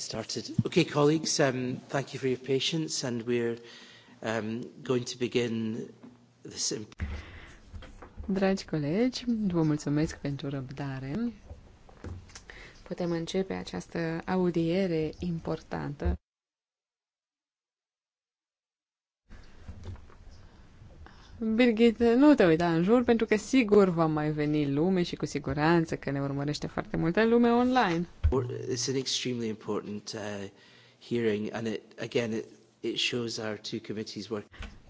started. Okay, colleagues, um, thank you for your patience and we're um, going to begin this... Dragi colegi, vă mulțumesc pentru răbdare. Putem începe această audiere importantă. Birgit, nu te uita în jur, pentru că sigur va mai veni lume și cu siguranță că ne urmărește foarte multă lume online. It's an extremely important uh, hearing and it, again, it, it shows our two committees work.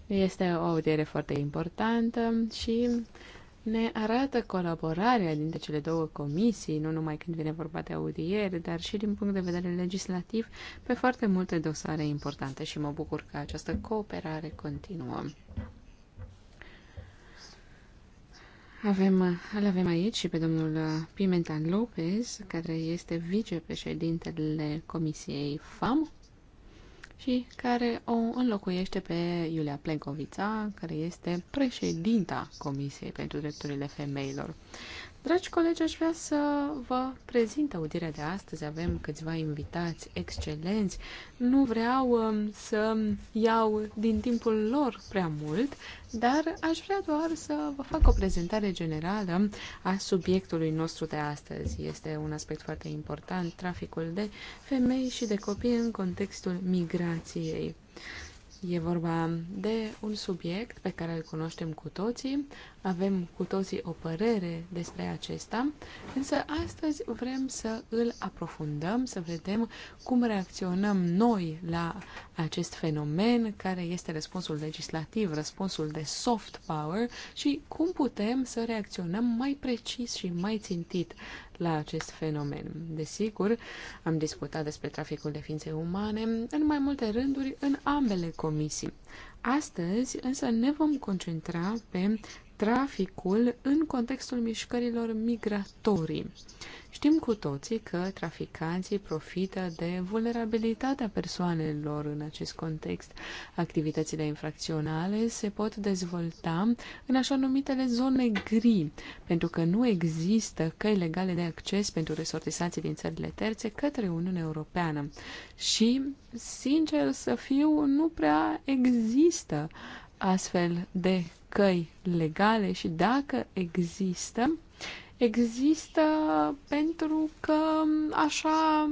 Este o audiere foarte importantă și ne arată colaborarea dintre cele două comisii, nu numai când vine vorba de audiere, dar și din punct de vedere legislativ, pe foarte multe dosare importante și mă bucur că această cooperare continuă. Avem, îl avem aici și pe domnul Pimentan Lopez, care este vicepreședintele Comisiei FAM și care o înlocuiește pe Iulia Plencovița, care este președinta Comisiei pentru Drepturile Femeilor. Dragi colegi, aș vrea să vă prezint audierea de astăzi. Avem câțiva invitați excelenți. Nu vreau um, să iau din timpul lor prea mult, dar aș vrea doar să vă fac o prezentare generală a subiectului nostru de astăzi. Este un aspect foarte important, traficul de femei și de copii în contextul migrației. E vorba de un subiect pe care îl cunoaștem cu toții, avem cu toții o părere despre acesta, însă astăzi vrem să îl aprofundăm, să vedem cum reacționăm noi la acest fenomen, care este răspunsul legislativ, răspunsul de soft power și cum putem să reacționăm mai precis și mai țintit la acest fenomen. Desigur, am discutat despre traficul de ființe umane în mai multe rânduri în ambele comisii. Astăzi însă ne vom concentra pe traficul în contextul mișcărilor migratorii. Știm cu toții că traficanții profită de vulnerabilitatea persoanelor în acest context. Activitățile infracționale se pot dezvolta în așa numitele zone gri, pentru că nu există căi legale de acces pentru resortisații din țările terțe către Uniunea Europeană. Și, sincer să fiu, nu prea există astfel de căi legale și dacă există, există pentru că așa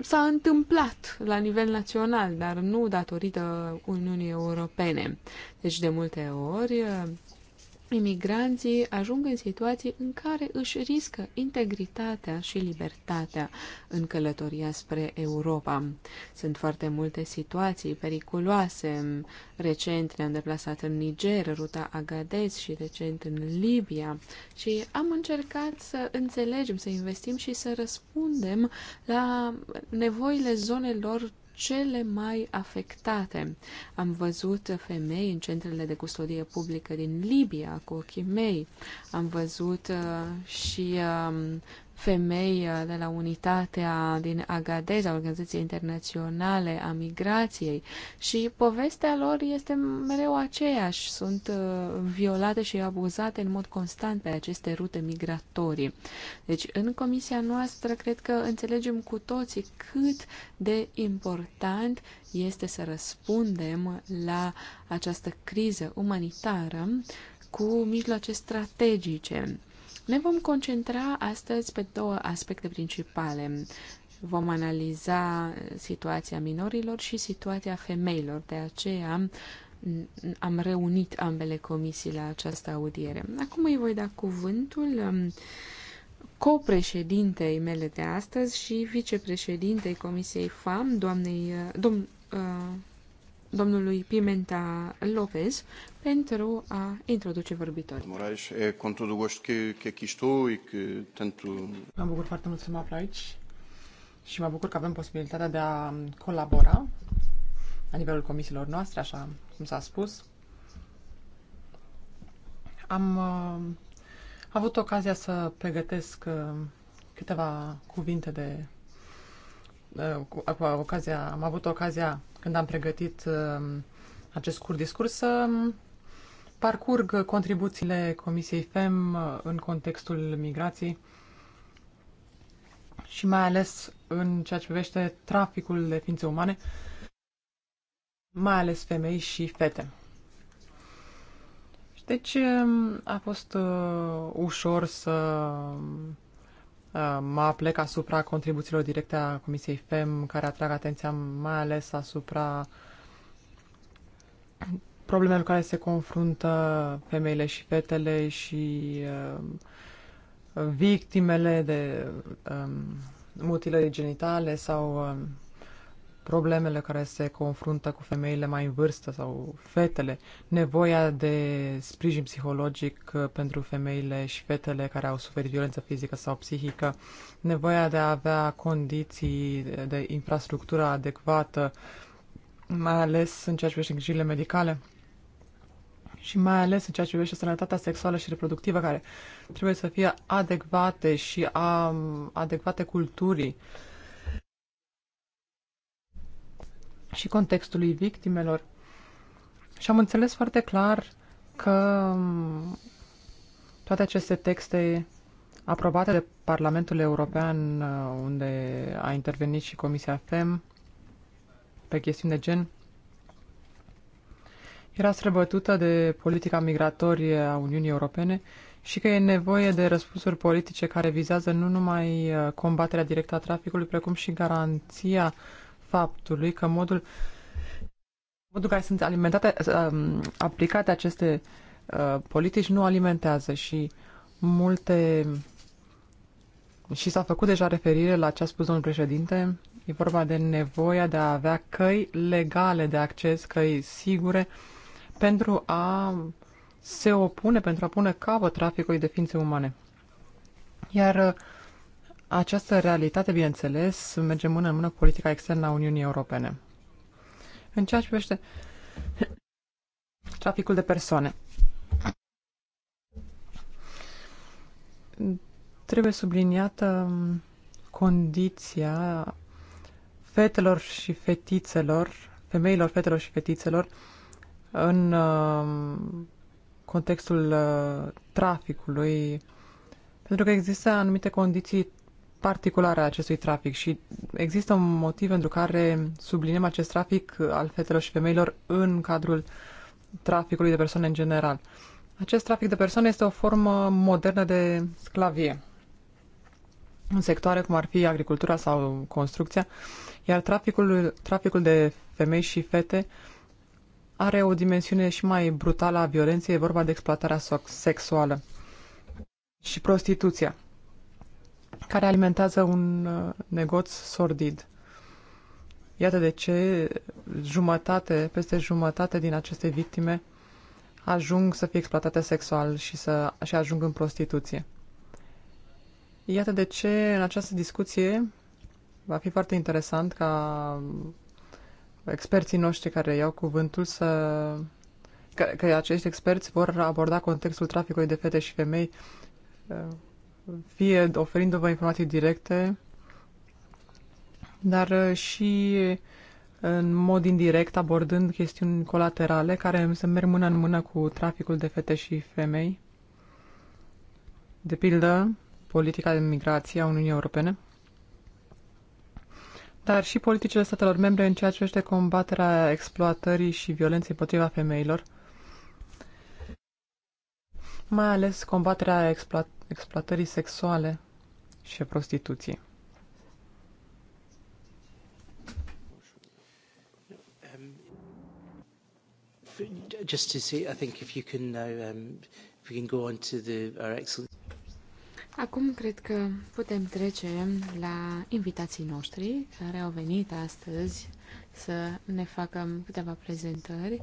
s-a întâmplat la nivel național, dar nu datorită Uniunii Europene. Deci, de multe ori, imigranții ajung în situații în care își riscă integritatea și libertatea în călătoria spre Europa. Sunt foarte multe situații periculoase. Recent ne-am deplasat în Niger, ruta Agadez și recent în Libia și am încercat să înțelegem, să investim și să răspundem la nevoile zonelor cele mai afectate. Am văzut femei în centrele de custodie publică din Libia cu ochii mei. Am văzut uh, și um, femei uh, de la unitatea din Agadez, a Organizației Internaționale a Migrației și povestea lor este mereu aceeași. Sunt uh, violate și abuzate în mod constant pe aceste rute migratorii. Deci, în comisia noastră, cred că înțelegem cu toții cât de important este să răspundem la această criză umanitară cu mijloace strategice ne vom concentra astăzi pe două aspecte principale. Vom analiza situația minorilor și situația femeilor. De aceea am reunit ambele comisii la această audiere. Acum îi voi da cuvântul um, copreședintei mele de astăzi și vicepreședintei Comisiei FAM, doamnei, uh, dom, uh, domnului Pimenta Lopez pentru a introduce vorbitorii. Moraes, e cu todo gosto că că aici estou și că, tanto... Mă bucur foarte mult să mă aflu aici și mă bucur că avem posibilitatea de a colabora la nivelul comisiilor noastre, așa cum s-a spus. Am uh, avut ocazia să pregătesc uh, câteva cuvinte de uh, cu, cu ocazia, am avut ocazia când am pregătit um, acest scurt discurs, să um, parcurg contribuțiile Comisiei FEM uh, în contextul migrației și mai ales în ceea ce privește traficul de ființe umane, mai ales femei și fete. Deci um, a fost uh, ușor să mă aplec asupra contribuțiilor directe a Comisiei FEM, care atrag atenția mai ales asupra problemelor care se confruntă femeile și fetele și uh, victimele de um, mutilări genitale sau um, problemele care se confruntă cu femeile mai în vârstă sau fetele, nevoia de sprijin psihologic uh, pentru femeile și fetele care au suferit violență fizică sau psihică, nevoia de a avea condiții de infrastructură adecvată, mai ales în ceea ce privește îngrijirile medicale și mai ales în ceea ce privește sănătatea sexuală și reproductivă, care trebuie să fie adecvate și a, um, adecvate culturii. Uh, și contextului victimelor. Și am înțeles foarte clar că mm, toate aceste texte aprobate de Parlamentul European, uh, unde a intervenit și Comisia FEM pe chestiuni de gen, era străbătută de politica migratorie a Uniunii Europene și că e nevoie de răspunsuri politice care vizează nu numai uh, combaterea directă a traficului, precum și garanția uh, faptului că modul, modul care sunt alimentate, um, aplicate aceste uh, politici nu alimentează și multe și s-a făcut deja referire la ce a spus domnul președinte. E vorba de nevoia de a avea căi legale de acces, căi sigure, pentru a se opune, pentru a pune capăt traficului de ființe umane. Iar uh, această realitate, bineînțeles, merge mână în mână cu politica externă a Uniunii Europene. În ceea ce privește traficul de persoane, trebuie subliniată condiția fetelor și fetițelor, femeilor, fetelor și fetițelor, în uh, contextul uh, traficului, pentru că există anumite condiții particulară a acestui trafic și există un motiv pentru care subliniem acest trafic al fetelor și femeilor în cadrul traficului de persoane în general. Acest trafic de persoane este o formă modernă de sclavie în sectoare cum ar fi agricultura sau construcția, iar traficul, traficul de femei și fete are o dimensiune și mai brutală a violenței, e vorba de exploatarea sexuală și prostituția care alimentează un uh, negoț sordid. Iată de ce jumătate, peste jumătate din aceste victime ajung să fie exploatate sexual și, să, și ajung în prostituție. Iată de ce în această discuție va fi foarte interesant ca experții noștri care iau cuvântul să... Că, că acești experți vor aborda contextul traficului de fete și femei uh, fie oferindu-vă informații directe, dar uh, și uh, în mod indirect, abordând chestiuni colaterale care se merg mână în mână cu traficul de fete și femei. De pildă, politica de migrație a Uniunii Europene, dar și politicile statelor membre în ceea ce privește combaterea exploatării și violenței împotriva femeilor, mai ales combaterea exploat exploatării sexuale și a prostituției. Just to see, I think if you can now, uh, um, if we can go on to the, our excellent... Acum cred că putem trece la invitații noștri care au venit astăzi să ne facă câteva prezentări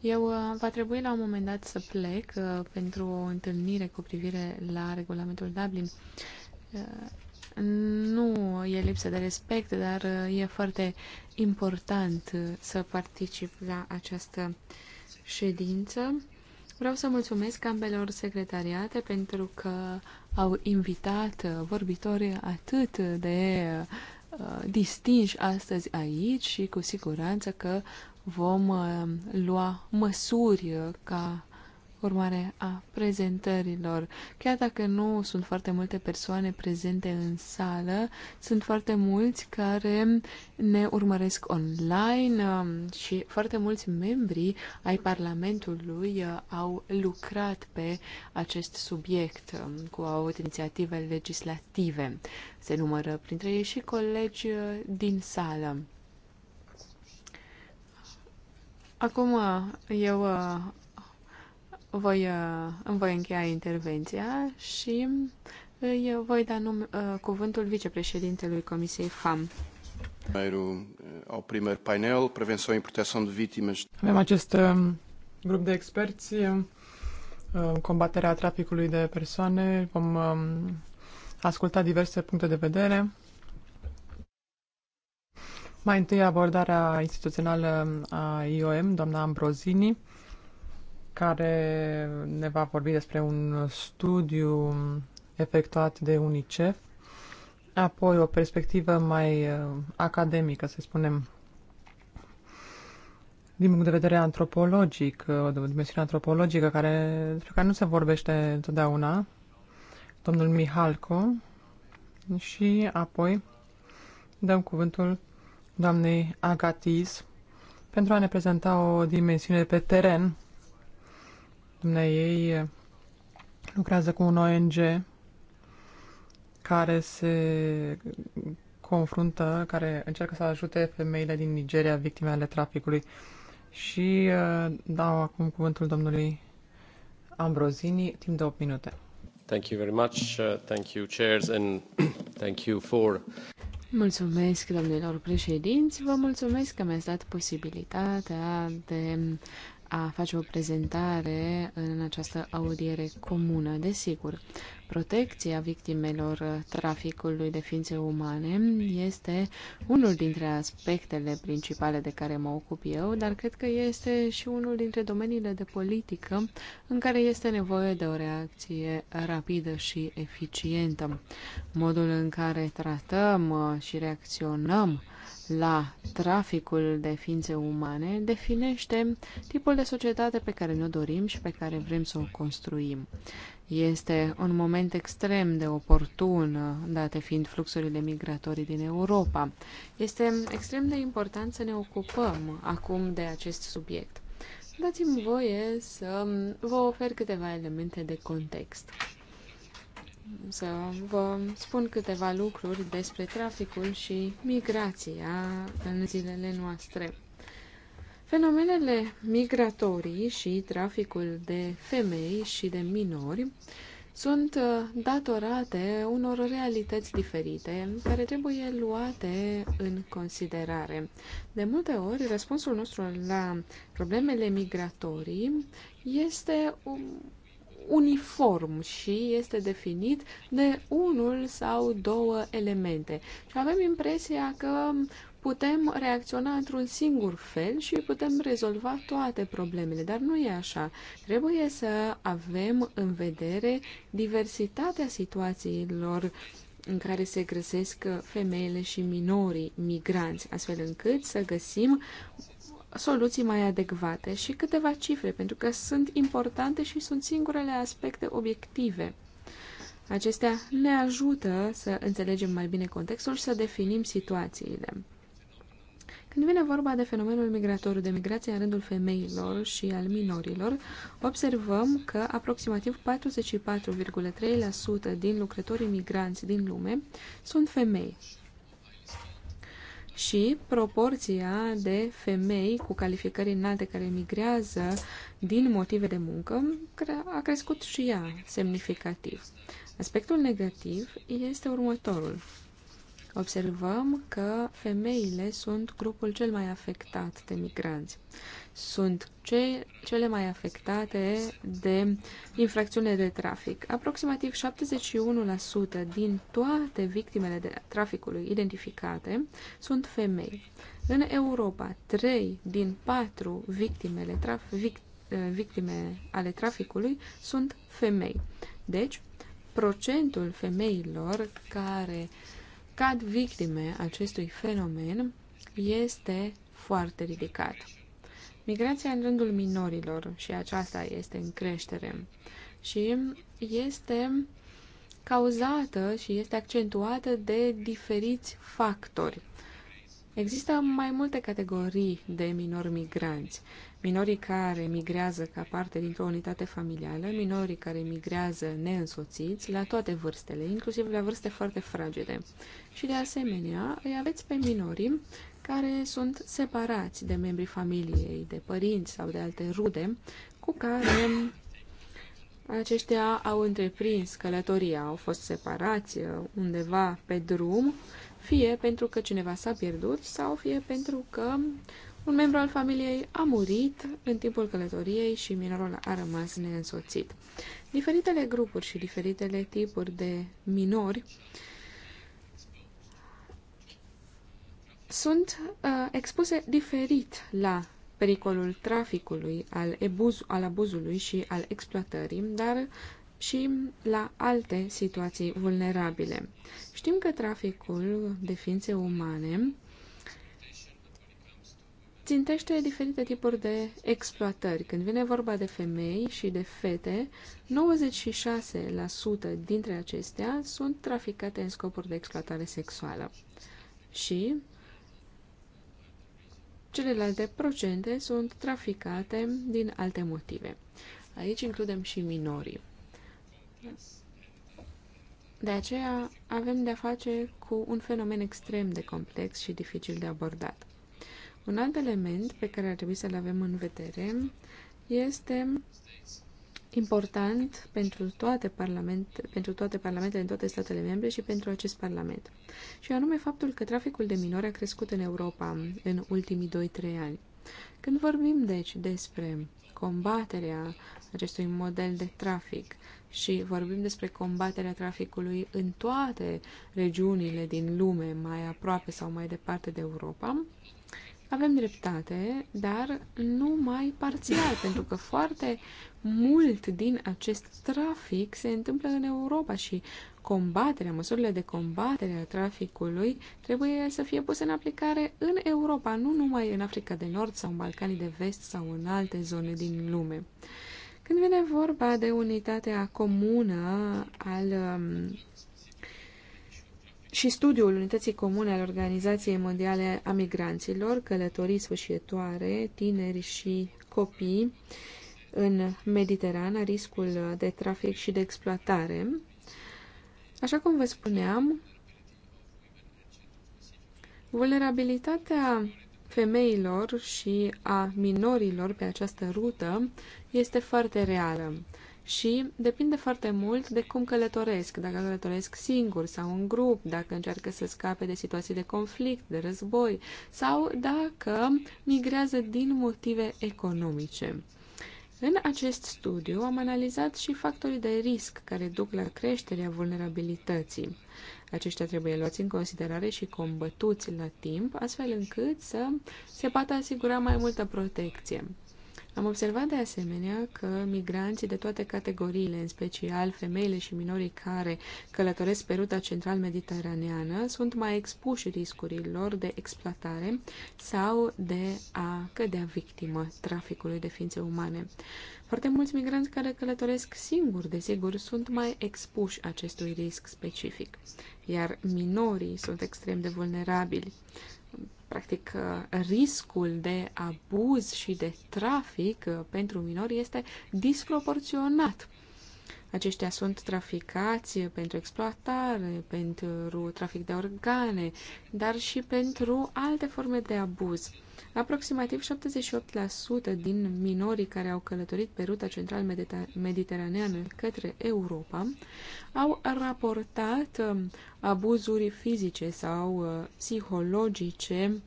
eu uh, va trebui la un moment dat să plec uh, pentru o întâlnire cu privire la regulamentul Dublin. Uh, nu e lipsă de respect, dar e foarte important să particip la această ședință. Vreau să mulțumesc ambelor secretariate pentru că au invitat vorbitori atât de distinși astăzi aici și cu siguranță că vom uh, lua măsuri uh, ca urmare a prezentărilor. Chiar dacă nu sunt foarte multe persoane prezente în sală, sunt foarte mulți care ne urmăresc online um, și foarte mulți membri ai Parlamentului uh, au lucrat pe acest subiect um, cu aut inițiative legislative. Se numără printre ei și colegi din sală. Acum uh, eu uh, voi, uh, îmi voi încheia intervenția și îi voi da num, cuvântul vicepreședintelui Comisiei FAM. Primeiro, ao primeiro painel, prevenção e proteção de vítimas. Avem acest um, grup de experți, combaterea traficului de persoane, vom um, asculta diverse puncte de vedere. Mai întâi abordarea instituțională a IOM, doamna Ambrozini, care ne va vorbi despre un studiu efectuat de UNICEF, apoi o perspectivă mai uh, academică, să spunem, din punct de vedere antropologic, uh, o dimensiune antropologică care, despre care nu se vorbește întotdeauna, domnul Mihalco, și apoi dăm cuvântul doamnei Agatis pentru a ne prezenta o dimensiune pe teren. Dumnea ei eh, lucrează cu un ONG care se confruntă, care încearcă să ajute femeile din Nigeria, victime ale traficului. Și eh, dau acum cuvântul domnului Ambrozini, timp de 8 minute. Thank you very much. Uh, thank you, chairs, and thank you for Mulțumesc, domnilor președinți, vă mulțumesc că mi-ați dat posibilitatea de a face o prezentare în această audiere comună. Desigur, protecția victimelor traficului de ființe umane este unul dintre aspectele principale de care mă ocup eu, dar cred că este și unul dintre domeniile de politică în care este nevoie de o reacție rapidă și eficientă. Modul în care tratăm și reacționăm la traficul de ființe umane definește tipul de societate pe care ne-o dorim și pe care vrem să o construim. Este un moment extrem de oportun, date fiind fluxurile migratorii din Europa. Este extrem de important să ne ocupăm acum de acest subiect. Dați-mi voie să vă ofer câteva elemente de context să vă spun câteva lucruri despre traficul și migrația în zilele noastre. Fenomenele migratorii și traficul de femei și de minori sunt uh, datorate unor realități diferite care trebuie luate în considerare. De multe ori, răspunsul nostru la problemele migratorii este uniform și este definit de unul sau două elemente. Și avem impresia că putem reacționa într-un singur fel și putem rezolva toate problemele, dar nu e așa. Trebuie să avem în vedere diversitatea situațiilor în care se găsesc femeile și minorii migranți, astfel încât să găsim soluții mai adecvate și câteva cifre, pentru că sunt importante și sunt singurele aspecte obiective. Acestea ne ajută să înțelegem mai bine contextul și să definim situațiile. Când vine vorba de fenomenul migratoriu, de migrație în rândul femeilor și al minorilor, observăm că aproximativ 44,3% din lucrătorii migranți din lume sunt femei și proporția de femei cu calificări înalte care migrează din motive de muncă a crescut și ea semnificativ. Aspectul negativ este următorul. Observăm că femeile sunt grupul cel mai afectat de migranți sunt ce, cele mai afectate de infracțiunile de trafic. Aproximativ 71% din toate victimele de traficului identificate sunt femei. În Europa, 3 din 4 victimele traf- vict- eh, victime ale traficului sunt femei. Deci, procentul femeilor care cad victime acestui fenomen este foarte ridicat. Migrația în rândul minorilor și aceasta este în creștere și este cauzată și este accentuată de diferiți factori. Există mai multe categorii de minori migranți. Minorii care migrează ca parte dintr-o unitate familială, minorii care migrează neînsoțiți, la toate vârstele, inclusiv la vârste foarte fragede. Și de asemenea, îi aveți pe minorii care sunt separați de membrii familiei, de părinți sau de alte rude, cu care aceștia au întreprins călătoria, au fost separați uh, undeva pe drum, fie pentru că cineva s-a pierdut sau fie pentru că un membru al familiei a murit în timpul călătoriei și minorul a rămas neînsoțit. Diferitele grupuri și diferitele tipuri de minori sunt uh, expuse diferit la pericolul traficului, al, ebuz, al abuzului și al exploatării, dar și la alte situații vulnerabile. Știm că traficul de ființe umane țintește diferite tipuri de exploatări. Când vine vorba de femei și de fete, 96% dintre acestea sunt traficate în scopuri de exploatare sexuală. Și Celelalte procente sunt traficate din alte motive. Aici includem și minorii. De aceea avem de-a face cu un fenomen extrem de complex și dificil de abordat. Un alt element pe care ar trebui să-l avem în vedere este important pentru toate, parlament, pentru toate parlamentele în toate statele membre și pentru acest parlament. Și anume faptul că traficul de minori a crescut în Europa în ultimii 2-3 ani. Când vorbim, deci, despre combaterea acestui model de trafic și vorbim despre combaterea traficului în toate regiunile din lume, mai aproape sau mai departe de Europa, avem dreptate, dar nu mai parțial, pentru că foarte mult din acest trafic se întâmplă în Europa și combaterea, măsurile de combatere a traficului trebuie să fie puse în aplicare în Europa, nu numai în Africa de Nord sau în Balcanii de Vest sau în alte zone din lume. Când vine vorba de unitatea comună al um, și studiul Unității Comune al Organizației Mondiale a Migranților, călătorii Sfârșitoare, tineri și copii în Mediterana, riscul de trafic și de exploatare. Așa cum vă spuneam, vulnerabilitatea femeilor și a minorilor pe această rută este foarte reală și depinde foarte mult de cum călătoresc, dacă călătoresc singur sau în grup, dacă încearcă să scape de situații de conflict, de război sau dacă migrează din motive economice. În acest studiu am analizat și factorii de risc care duc la creșterea vulnerabilității. Aceștia trebuie luați în considerare și combătuți la timp, astfel încât să se poată asigura mai multă protecție. Am observat de asemenea că migranții de toate categoriile, în special femeile și minorii care călătoresc pe ruta central-mediteraneană, sunt mai expuși riscurilor de exploatare sau de a cădea victimă traficului de ființe umane. Foarte mulți migranți care călătoresc singuri, desigur, sunt mai expuși acestui risc specific, iar minorii sunt extrem de vulnerabili practic, uh, riscul de abuz și de trafic uh, pentru minori este disproporționat. Aceștia sunt traficați pentru exploatare, pentru trafic de organe, dar și pentru alte forme de abuz. Aproximativ 78% din minorii care au călătorit pe ruta central-mediteraneană către Europa au raportat um, abuzuri fizice sau uh, psihologice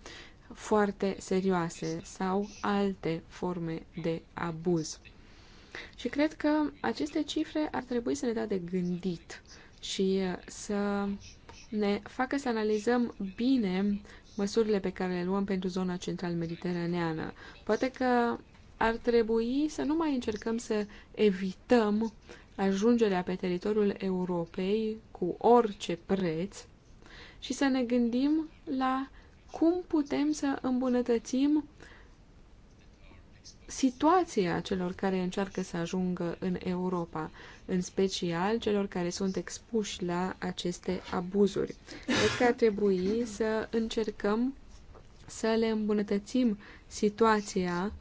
foarte serioase sau alte forme de abuz. Și cred că aceste cifre ar trebui să ne dea de gândit și uh, să ne facă să analizăm bine măsurile pe care le luăm pentru zona central-mediteraneană. Poate că ar trebui să nu mai încercăm să evităm ajungerea pe teritoriul Europei cu orice preț și să ne gândim la cum putem să îmbunătățim situația celor care încearcă să ajungă în Europa, în special celor care sunt expuși la aceste abuzuri. Cred că ar trebui să încercăm să le îmbunătățim situația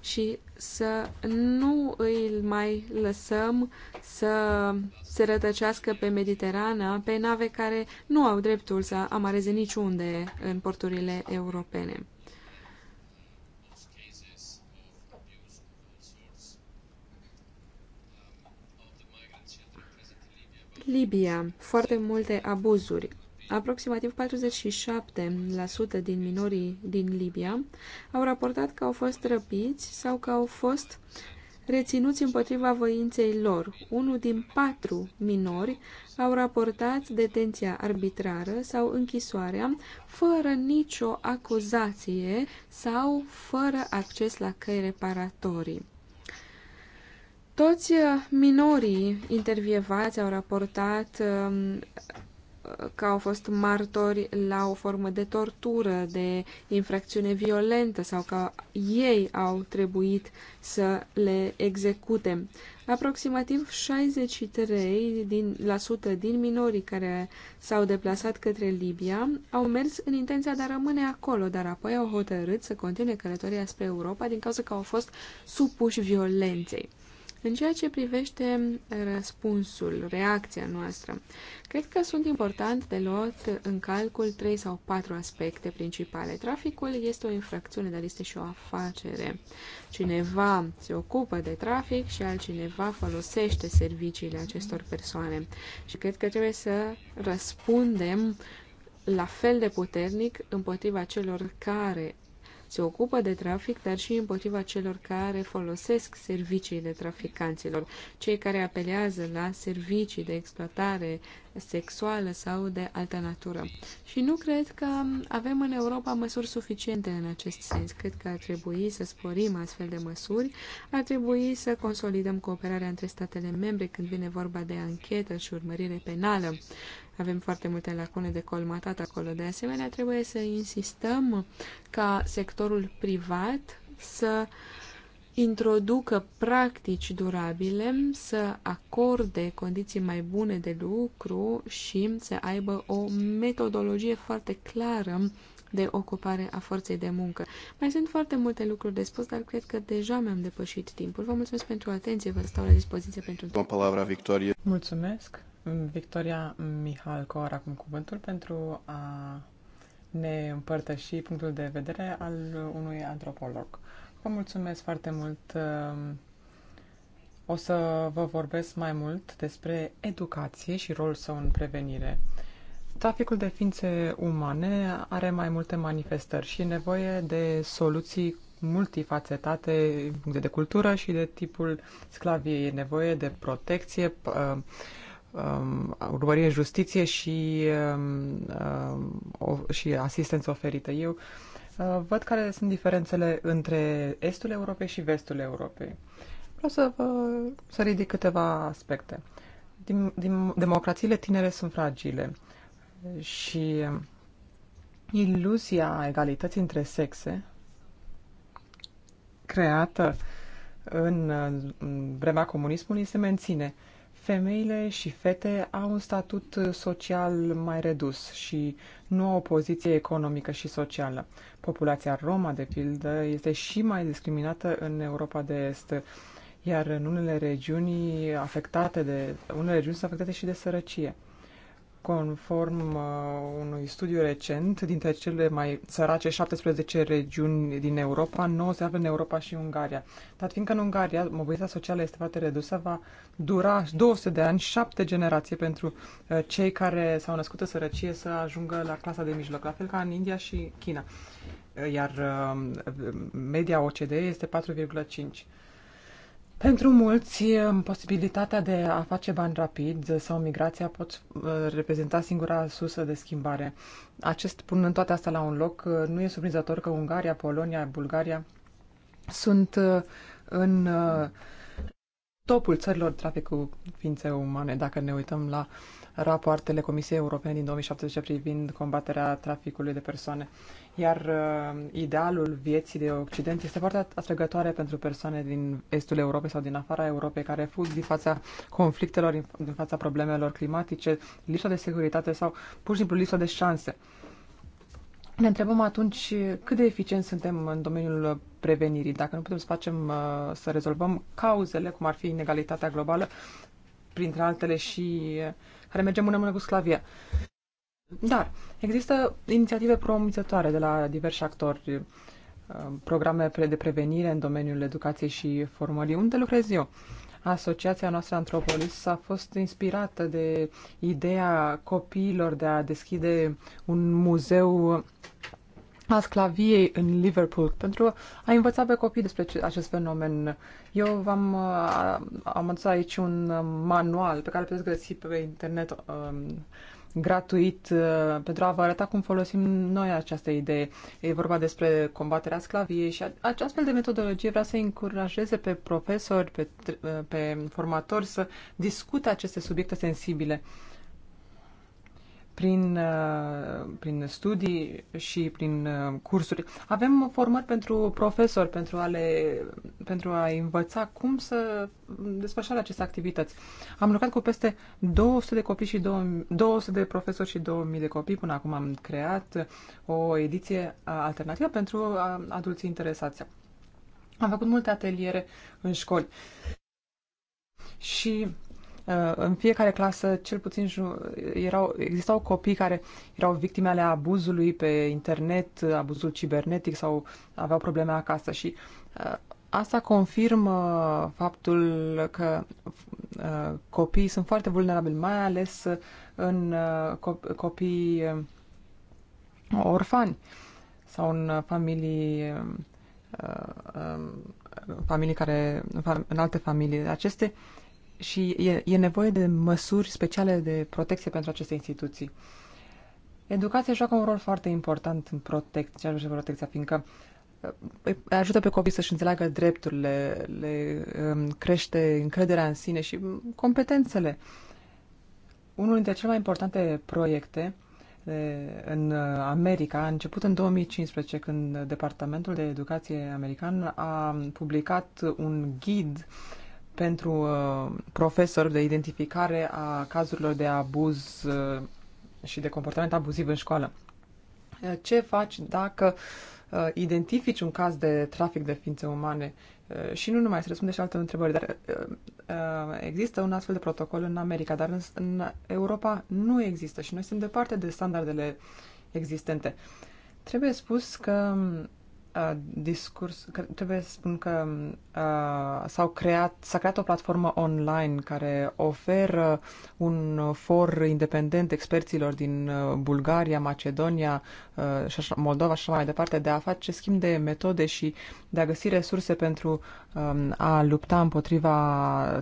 și să nu îi mai lăsăm să se rătăcească pe Mediterana, pe nave care nu au dreptul să amareze niciunde în porturile europene. Libia. Foarte multe abuzuri. Aproximativ 47% din minorii din Libia au raportat că au fost răpiți sau că au fost reținuți împotriva voinței lor. Unul din patru minori au raportat detenția arbitrară sau închisoarea fără nicio acuzație sau fără acces la căi reparatorii. Toți uh, minorii intervievați au raportat um, că au fost martori la o formă de tortură, de infracțiune violentă sau că ei au trebuit să le execute. Aproximativ 63% din, la sută din minorii care s-au deplasat către Libia au mers în intenția de a rămâne acolo, dar apoi au hotărât să continue călătoria spre Europa din cauza că au fost supuși violenței. În ceea ce privește uh, răspunsul, reacția noastră, cred că sunt important de luat în calcul trei sau patru aspecte principale. Traficul este o infracțiune, dar este și o afacere. Cineva se ocupă de trafic și altcineva folosește serviciile acestor persoane. Și cred că trebuie să răspundem la fel de puternic împotriva celor care se ocupă de trafic, dar și împotriva celor care folosesc serviciile traficanților, cei care apelează la servicii de exploatare sexuală sau de altă natură. Și nu cred că avem în Europa măsuri suficiente în acest sens. Cred că ar trebui să sporim astfel de măsuri, ar trebui să consolidăm cooperarea între statele membre când vine vorba de anchetă și urmărire penală. Avem foarte multe lacune de colmatat acolo. De asemenea, trebuie să insistăm ca sectorul privat să introducă practici durabile, să acorde condiții mai bune de lucru și să aibă o metodologie foarte clară de ocupare a forței de muncă. Mai sunt foarte multe lucruri de spus, dar cred că deja mi-am depășit timpul. Vă mulțumesc pentru atenție, vă stau la dispoziție pentru... Palavra, Victorie. Mulțumesc. Victoria Mihalco are acum cuvântul pentru a ne împărtăși punctul de vedere al unui antropolog. Vă mulțumesc foarte mult. Um, o să vă vorbesc mai mult despre educație și rolul său în prevenire. Traficul de ființe umane are mai multe manifestări și e nevoie de soluții multifacetate de, de cultură și de tipul sclaviei. E nevoie de protecție, uh, um, urmărire justiție și, um, uh, o, și asistență oferită. Eu uh, văd care sunt diferențele între estul Europei și vestul Europei. Vreau să, vă, să ridic câteva aspecte. Din, din, democrațiile tinere sunt fragile și um, iluzia egalității între sexe creată în, în vremea comunismului se menține femeile și fete au un statut social mai redus și nu au o poziție economică și socială. Populația Roma, de pildă, este și mai discriminată în Europa de Est, iar în unele regiuni afectate de unele regiuni sunt afectate și de sărăcie. Conform uh, unui studiu recent, dintre cele mai sărace 17 regiuni din Europa, 9 se află în Europa și Ungaria. Dar fiindcă în Ungaria mobilitatea socială este foarte redusă, va dura 200 de ani, 7 generații pentru uh, cei care s-au născut în sărăcie să ajungă la clasa de mijloc, la fel ca în India și China. Iar uh, media OCDE este 4,5 pentru mulți, posibilitatea de a face bani rapid sau migrația pot reprezenta singura sursă de schimbare. Acest, punând toate astea la un loc, nu e surprinzător că Ungaria, Polonia, Bulgaria sunt în topul țărilor traficul ființe umane, dacă ne uităm la rapoartele Comisiei Europene din 2017 privind combaterea traficului de persoane. Iar uh, idealul vieții de Occident este foarte atrăgătoare pentru persoane din estul Europei sau din afara Europei care fug din fața conflictelor, din fața problemelor climatice, lipsa de securitate sau pur și simplu lipsa de șanse. Ne întrebăm atunci cât de eficient suntem în domeniul prevenirii, dacă nu putem să facem uh, să rezolvăm cauzele, cum ar fi inegalitatea globală, printre altele și uh, care merge mână mână cu sclavia. Dar există inițiative promițătoare de la diversi actori, uh, programe de prevenire în domeniul educației și formării. Unde lucrez eu? Asociația noastră Antropolis a fost inspirată de ideea copiilor de a deschide un muzeu a sclaviei în Liverpool, pentru a învăța pe copii despre acest fenomen. Eu v-am uh, am adus aici un uh, manual pe care puteți găsi pe internet um, gratuit uh, pentru a vă arăta cum folosim noi această idee. E vorba despre combaterea sclaviei și această astfel de metodologie vrea să încurajeze pe profesori, pe, pe formatori să discute aceste subiecte sensibile. Uh, prin, uh, prin studii și prin uh, cursuri. Avem formări pentru profesori, pentru a, le, pentru a învăța cum să desfășoare aceste activități. Am lucrat cu peste 200 de copii și 2000, 200 de profesori și 2000 de copii. Până acum am creat o ediție uh, alternativă pentru adulții interesați. Am făcut multe ateliere în școli. Și Uh, în fiecare clasă, cel puțin erau, existau copii care erau victime ale abuzului pe internet, abuzul cibernetic sau aveau probleme acasă și uh, asta confirmă faptul că uh, copiii sunt foarte vulnerabili, mai ales în copii orfani sau în familii um, familii care în alte familii. Aceste uh, și e, e nevoie de măsuri speciale de protecție pentru aceste instituții. Educația joacă un rol foarte important în protecția, în protecția fiindcă uh, ajută pe copii să-și înțeleagă drepturile, le um, crește încrederea în sine și um, competențele. Unul dintre cele mai importante proiecte în America a început în 2015 când Departamentul de Educație American a publicat un ghid uh, pentru uh, profesori de identificare a cazurilor de abuz uh, și de comportament abuziv în școală. Uh, ce faci dacă uh, identifici un caz de trafic de ființe umane? Uh, și nu numai, să răspunde și alte întrebări, dar uh, uh, există un astfel de protocol în America, dar în, în Europa nu există și noi suntem departe de standardele existente. Trebuie spus că discurs, trebuie să spun că uh, s-au creat, s-a creat o platformă online care oferă un for independent experților din Bulgaria, Macedonia, uh, și Moldova și așa mai departe de a face schimb de metode și de a găsi resurse pentru um, a lupta împotriva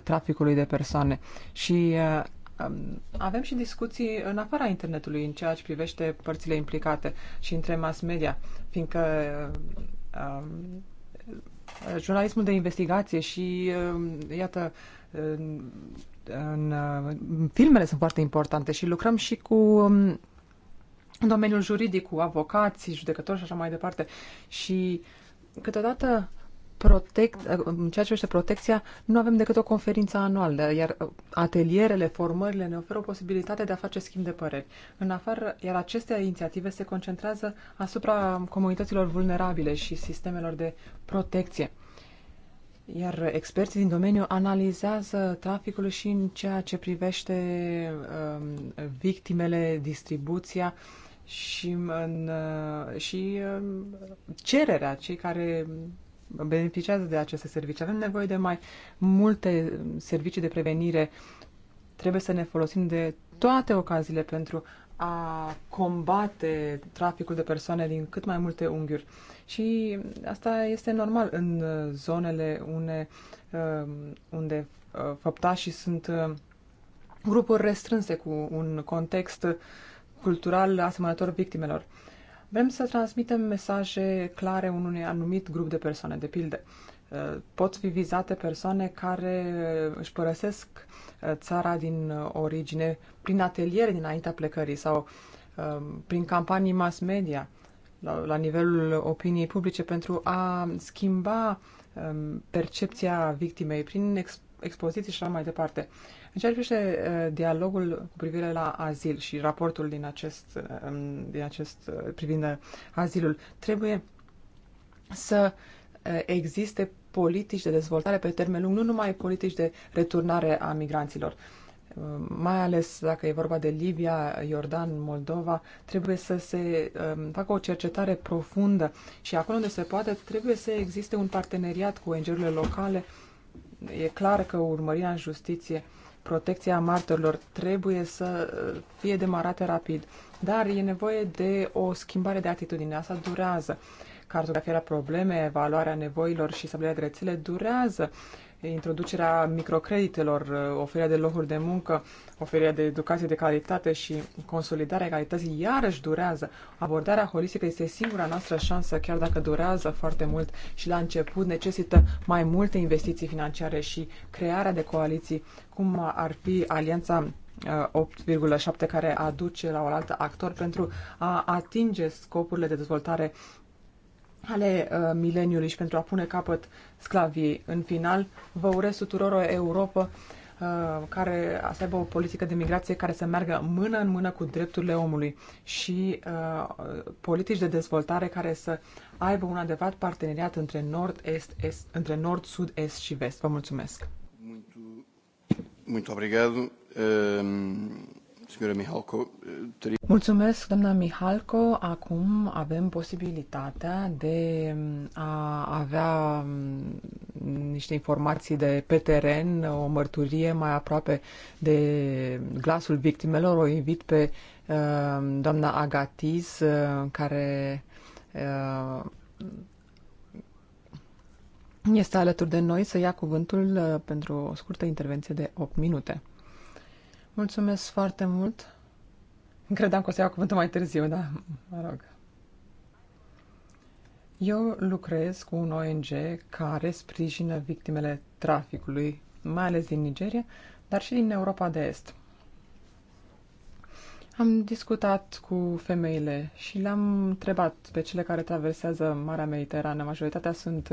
traficului de persoane. Și uh, avem și discuții în afara internetului în ceea ce privește părțile implicate și între mass media fiindcă um, jurnalismul de investigație și, um, iată, în, în, filmele sunt foarte importante și lucrăm și cu um, în domeniul juridic, cu avocații, judecători și așa mai departe. Și câteodată uh, protect, în ceea ce privește protecția, nu avem decât o conferință anuală, iar uh, atelierele, formările ne oferă posibilitatea de a face schimb de păreri. În afară, iar aceste inițiative se concentrează asupra comunităților vulnerabile și sistemelor de protecție. Iar experții din domeniu analizează traficul și în ceea ce privește um, victimele, distribuția și, în, uh, și um, cererea, cei care beneficiază de aceste servicii. Avem nevoie de mai multe servicii de prevenire. Trebuie să ne folosim de toate ocaziile pentru a combate traficul de persoane din cât mai multe unghiuri. Și asta este normal în zonele une, uh, unde uh, făptașii sunt uh, grupuri restrânse cu un context cultural asemănător victimelor. Vrem să transmitem mesaje clare unui anumit grup de persoane, de pildă. Uh, pot fi vizate persoane care își părăsesc uh, țara din origine prin ateliere dinaintea plecării sau um, prin campanii mass media la, nivelul opiniei publice pentru a schimba um, percepția victimei prin expoziții și așa mai departe. În ceea ce privește uh, dialogul cu privire la azil și raportul din acest, uh, din acest uh, privind azilul, trebuie să existe politici de dezvoltare pe termen lung, nu numai politici de returnare a migranților. Mai ales dacă e vorba de Libia, Iordan, Moldova, trebuie să se um, facă o cercetare profundă și acolo unde se poate trebuie să existe un parteneriat cu ONG-urile locale. E clar că urmărirea în justiție protecția martorilor trebuie să uh, fie demarată rapid, dar e nevoie de o schimbare de atitudine. Asta durează. Cartografierea probleme, evaluarea nevoilor și stabilirea de rețele durează. Introducerea microcreditelor, uh, oferirea de locuri de muncă, oferirea de educație de calitate și consolidarea egalității iarăși durează. Abordarea holistică este singura noastră șansă, chiar dacă durează foarte mult și la început necesită mai multe investiții financiare și crearea de coaliții cum ar fi alianța 8,7 uh, care aduce la un alt actor pentru a atinge scopurile de dezvoltare ale uh, mileniului și pentru a pune capăt sclaviei. În final, vă urez tuturor o Europa uh, care să aibă o politică de migrație care să meargă mână în mână cu drepturile omului și uh, politici de dezvoltare care să aibă un adevărat parteneriat între nord, est, est, între nord, sud, est și vest. Vă mulțumesc! Muito obrigado. Ehm, eh, Mulțumesc, doamna Mihalco. Acum avem posibilitatea de mm, a avea mm, niște informații de pe teren, o mărturie mai aproape de glasul victimelor. O invit pe ehm, doamna Agatiz, eh, care eh, este alături de noi să ia cuvântul uh, pentru o scurtă intervenție de 8 minute. Mulțumesc foarte mult. Credeam că o să iau cuvântul mai târziu, dar, mă rog. Eu lucrez cu un ONG care sprijină victimele traficului, mai ales din Nigeria, dar și din Europa de Est. Am discutat cu femeile și le-am întrebat pe cele care traversează Marea Mediterană. Majoritatea sunt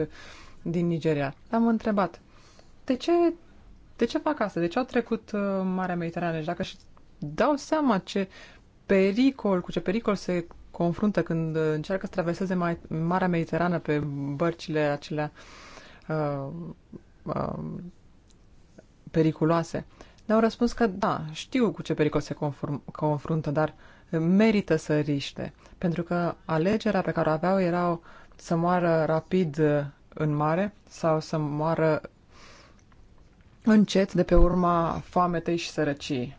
din Nigeria. L-am întrebat, de ce, de ce fac asta? De ce au trecut uh, Marea Mediterană? Și deci dacă și dau seama ce pericol, cu ce pericol se confruntă când uh, încearcă să traverseze mai, Marea Mediterană pe bărcile acelea uh, uh, periculoase. Ne-au răspuns că da, știu cu ce pericol se conform, confruntă, dar merită să riște, pentru că alegerea pe care o aveau era să moară rapid uh, în mare sau să moară încet de pe urma foametei și sărăciei.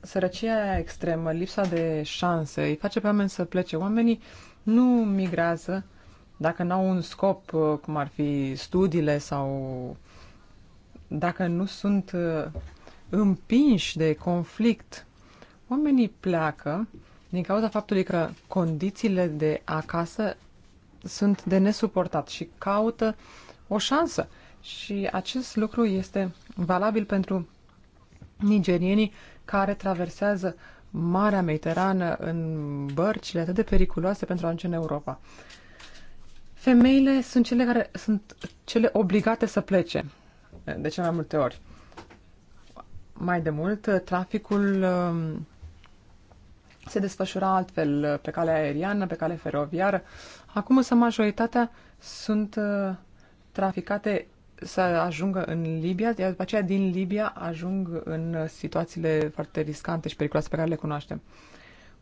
Sărăcia extremă, lipsa de șanse, îi face pe oameni să plece. Oamenii nu migrează dacă nu au un scop, uh, cum ar fi studiile sau dacă nu sunt uh, împinși de conflict. Oamenii pleacă din cauza faptului că condițiile de acasă sunt de nesuportat și caută uh, o șansă. Și acest lucru este valabil pentru nigerienii care traversează Marea Mediterană în bărcile atât de periculoase pentru a ajunge în Europa. Femeile sunt cele care sunt cele obligate să plece de cele mai multe ori. Mai de mult, traficul um, se desfășura altfel pe calea aeriană, pe calea feroviară. Acum însă majoritatea sunt uh, traficate să ajungă în Libia, iar după aceea din Libia ajung în situațiile foarte riscante și periculoase pe care le cunoaștem.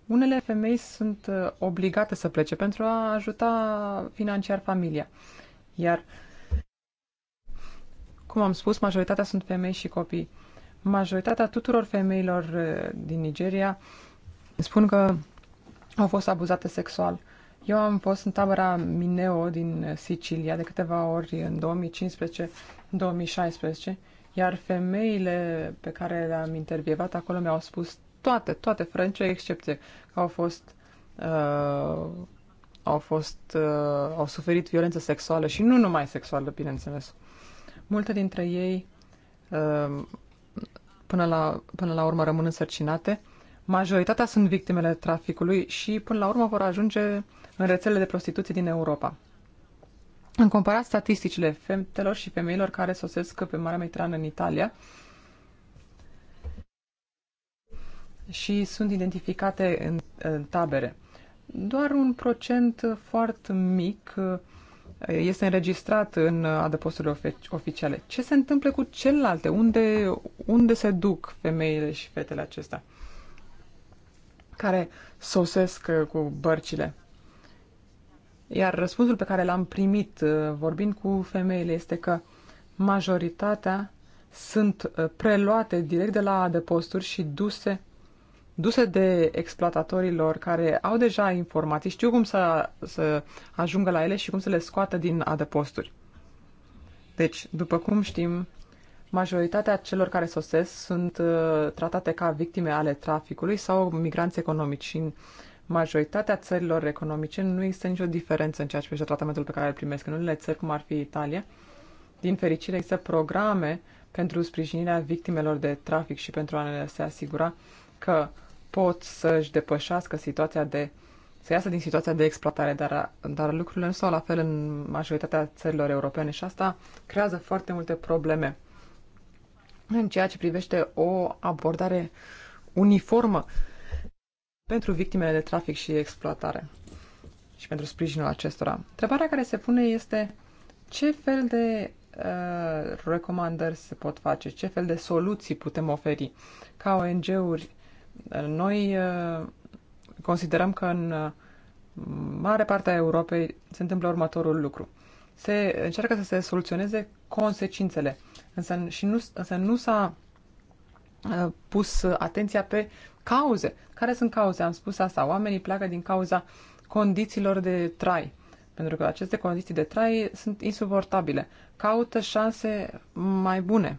Unele femei sunt uh, obligate să plece pentru a ajuta financiar familia. Iar, cum am spus, majoritatea sunt femei și copii. Majoritatea tuturor femeilor uh, din Nigeria spun că au fost abuzate sexual. Eu am fost în tabăra Mineo din Sicilia de câteva ori în 2015-2016, iar femeile pe care le-am intervievat acolo mi-au spus toate, toate, fără nicio excepție, că au fost, uh, au, fost uh, au suferit violență sexuală și nu numai sexuală, bineînțeles. Multe dintre ei uh, până, la, până la urmă rămân însărcinate Majoritatea sunt victimele traficului și până la urmă vor ajunge în rețelele de prostituție din Europa. În comparat statisticile femtelor și femeilor care sosesc pe Marea Mediterană în Italia și sunt identificate în, în tabere. Doar un procent foarte mic eh, este înregistrat în adăposturile oficiale. Ce se întâmplă cu celelalte? Unde, unde se duc femeile și fetele acestea? care sosesc uh, cu bărcile. Iar răspunsul pe care l-am primit uh, vorbind cu femeile este că majoritatea sunt uh, preluate direct de la adăposturi și duse duse de exploatatorilor care au deja informații, știu cum să, să ajungă la ele și cum să le scoată din adăposturi. Deci, după cum știm, majoritatea celor care sosesc sunt uh, tratate ca victime ale traficului sau migranți economici în majoritatea țărilor economice nu există nicio diferență în ceea ce privește tratamentul pe care îl primesc. În unele țări, cum ar fi Italia, din fericire există programe pentru sprijinirea victimelor de trafic și pentru a se asigura că pot să-și depășească situația de să iasă din situația de exploatare, dar, dar lucrurile nu stau la fel în majoritatea țărilor europene și asta creează foarte multe probleme în ceea ce privește o abordare uniformă pentru victimele de trafic și exploatare și pentru sprijinul acestora. Întrebarea care se pune este ce fel de uh, recomandări se pot face, ce fel de soluții putem oferi ca ONG-uri. Uh, noi uh, considerăm că în uh, mare parte a Europei se întâmplă următorul lucru. Se încearcă să se soluționeze consecințele însă, și nu, însă nu s-a uh, pus atenția pe cauze. Care sunt cauze? Am spus asta. Oamenii pleacă din cauza condițiilor de trai, pentru că aceste condiții de trai sunt insuportabile. Caută șanse mai bune.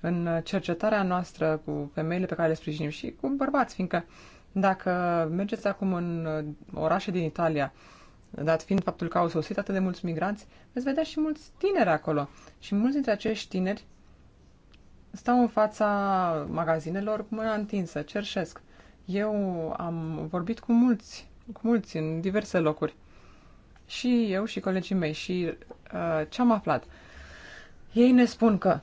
În cercetarea noastră cu femeile pe care le sprijinim și cu bărbați, fiindcă dacă mergeți acum în uh, orașe din Italia, dat fiind faptul că au sosit atât de mulți migranți, veți vedea și mulți tineri acolo. Și mulți dintre acești tineri Stau în fața magazinelor cu mâna întinsă, cerșesc. Eu am vorbit cu mulți, cu mulți în diverse locuri. Și eu și colegii mei și uh, ce am aflat. Ei ne spun că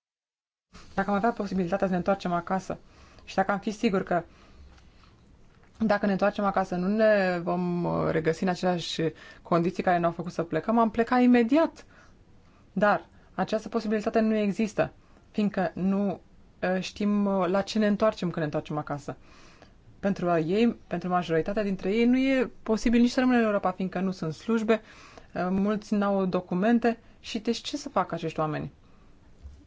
dacă am avea posibilitatea să ne întoarcem acasă și dacă am fi sigur că dacă ne întoarcem acasă nu ne vom uh, regăsi în aceleași condiții care ne-au făcut să plecăm, am plecat imediat. Dar această posibilitate nu există fiindcă nu ă, știm ă, la ce ne întoarcem când ne întoarcem acasă. Pentru ei, pentru majoritatea dintre ei, nu e posibil nici să rămână în Europa, fiindcă nu sunt slujbe, ă, mulți n-au documente și deci ce să facă acești oameni?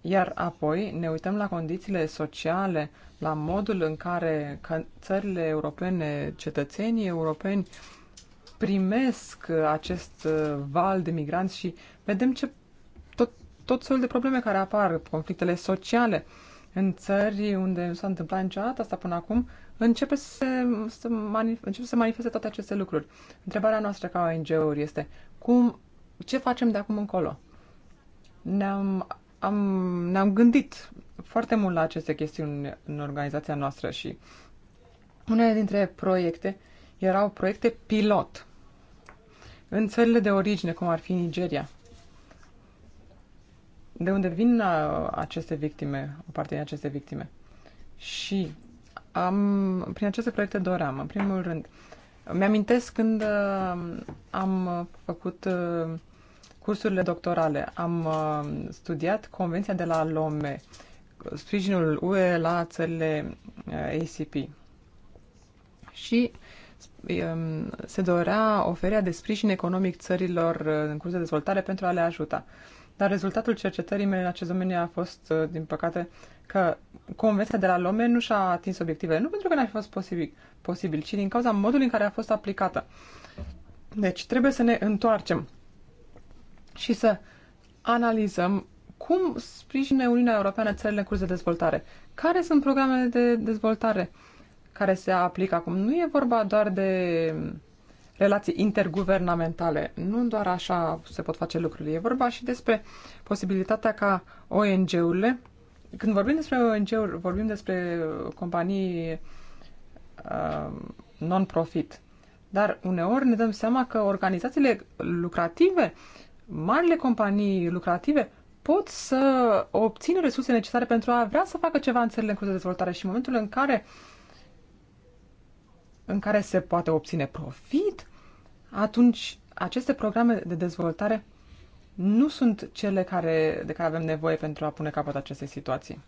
Iar apoi ne uităm la condițiile sociale, la modul în care țările europene, cetățenii europeni primesc acest val de migranți și vedem ce tot felul de probleme care apar, conflictele sociale în țări unde nu s-a întâmplat niciodată asta până acum, începe să, se, să manif- începe să manifeste toate aceste lucruri. Întrebarea noastră ca ONG-uri este cum, ce facem de acum încolo? Ne-am, am, ne-am gândit foarte mult la aceste chestiuni în organizația noastră și unele dintre proiecte erau proiecte pilot în țările de origine, cum ar fi Nigeria de unde vin uh, aceste victime, o parte din aceste victime. Și am, prin aceste proiecte doream, în primul rând, mi-amintesc când uh, am făcut uh, cursurile doctorale, am studiat Convenția de la Lome, sprijinul UE la țările ACP. Și um, se dorea oferirea de sprijin economic țărilor în curs de dezvoltare pentru a le ajuta. Dar rezultatul cercetării mele în acest domeniu a fost, uh, din păcate, că Convenția de la Lome nu și-a atins obiectivele. Nu pentru că n-ar fi fost posibil, posibil, ci din cauza modului în care a fost aplicată. Deci trebuie să ne întoarcem și să analizăm cum sprijină Uniunea Europeană țările în curs de dezvoltare. Care sunt programele de dezvoltare care se aplică acum? Nu e vorba doar de relații interguvernamentale. Nu doar așa se pot face lucrurile. E vorba și despre posibilitatea ca ONG-urile, când vorbim despre ONG-uri, vorbim despre companii uh, non-profit. Dar uneori ne dăm seama că organizațiile lucrative, marile companii lucrative, pot să obțină resurse necesare pentru a vrea să facă ceva în țările în curs de dezvoltare și în momentul în care uh, în care se poate obține profit, atunci aceste programe de dezvoltare nu sunt cele care, de care avem nevoie pentru a pune capăt acestei situații.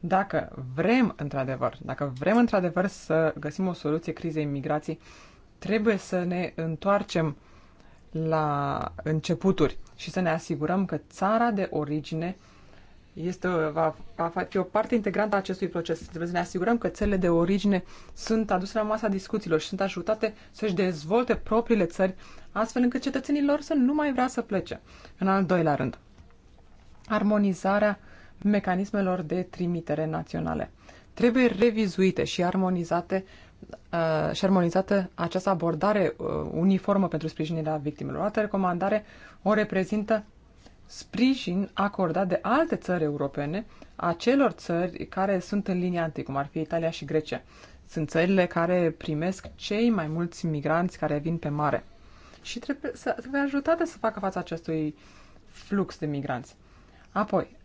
Dacă vrem într-adevăr, dacă vrem într-adevăr să găsim o soluție crizei imigrației, trebuie să ne întoarcem la începuturi și să ne asigurăm că țara de origine este, va, va fi o parte integrantă a acestui proces. Trebuie să ne asigurăm că țările de origine sunt aduse la masa discuțiilor și sunt ajutate să-și dezvolte propriile țări, astfel încât cetățenii lor să nu mai vrea să plece. În al doilea rând, armonizarea mecanismelor de trimitere naționale. Trebuie revizuite și armonizate uh, și armonizată această abordare uh, uniformă pentru sprijinirea victimelor. O altă recomandare o reprezintă sprijin acordat de alte țări europene acelor țări care sunt în linia întâi, cum ar fi Italia și Grecia. Sunt țările care primesc cei mai mulți migranți care vin pe mare. Și trebuie, să, trebuie ajutate să facă față acestui flux de migranți. Apoi,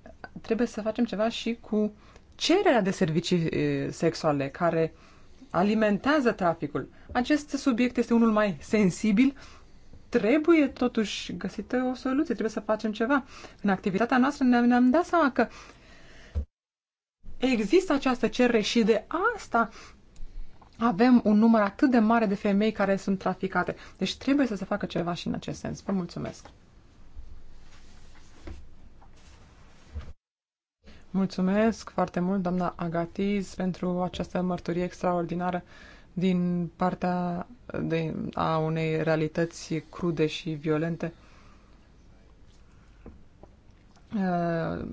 trebuie să facem ceva și cu cererea de servicii sexuale care alimentează traficul. Acest subiect este unul mai sensibil trebuie totuși găsită o soluție, trebuie să facem ceva. În activitatea noastră ne-am, ne-am dat seama că există această cerere și de asta avem un număr atât de mare de femei care sunt traficate. Deci trebuie să se facă ceva și în acest sens. Vă mulțumesc! Mulțumesc foarte mult, doamna Agatiz, pentru această mărturie extraordinară din partea de, a unei realități crude și violente uh,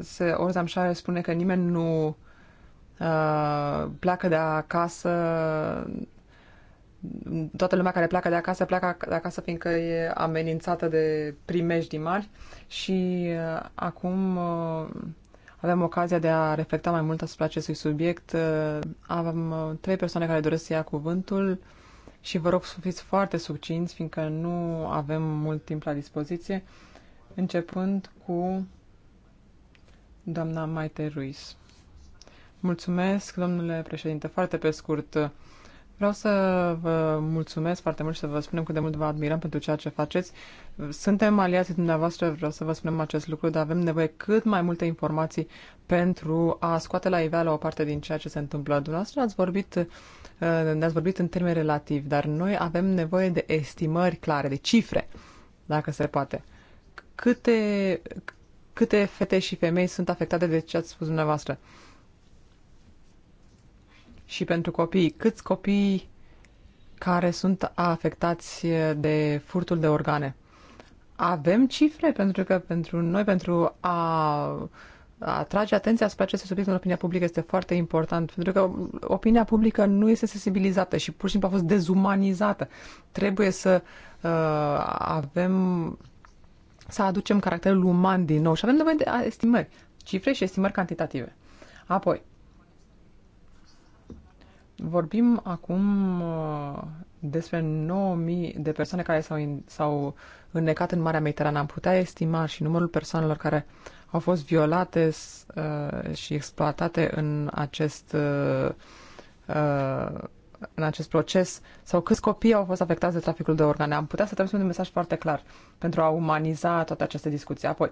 se, Orzam Shire spune că nimeni nu uh, pleacă de acasă toată lumea care pleacă de acasă pleacă de acasă fiindcă e amenințată de primejdii mari și uh, acum uh, avem ocazia de a reflecta mai mult asupra acestui subiect. Avem uh, trei persoane care doresc să ia cuvântul și vă rog să fiți foarte succinți, fiindcă nu avem mult timp la dispoziție, începând cu doamna Maite Ruiz. Mulțumesc, domnule președinte. Foarte pe scurt, Vreau să vă mulțumesc foarte mult și să vă spunem cât de mult vă admirăm pentru ceea ce faceți. Suntem aliații dumneavoastră, vreau să vă spunem acest lucru, dar avem nevoie cât mai multe informații pentru a scoate la iveală o parte din ceea ce se întâmplă. Dumneavoastră ați vorbit, uh, ne-ați vorbit în termeni relativ, dar noi avem nevoie de estimări clare, de cifre, dacă se poate. Câte, câte fete și femei sunt afectate de ce ați spus dumneavoastră? și pentru copii. Câți copii care sunt afectați de furtul de organe? Avem cifre pentru că pentru noi, pentru a atrage atenția asupra acestui subiect în opinia publică este foarte important, pentru că opinia publică nu este sensibilizată și pur și simplu a fost dezumanizată. Trebuie să uh, avem să aducem caracterul uman din nou și avem nevoie de estimări, cifre și estimări cantitative. Apoi, Vorbim acum uh, despre 9.000 de persoane care s-au, s-au înnecat în Marea Mediterană. Am putea estima și numărul persoanelor care au fost violate uh, și exploatate în acest, uh, în acest proces sau câți copii au fost afectați de traficul de organe. Am putea să transmitem un mesaj foarte clar pentru a umaniza toate aceste discuții. Apoi,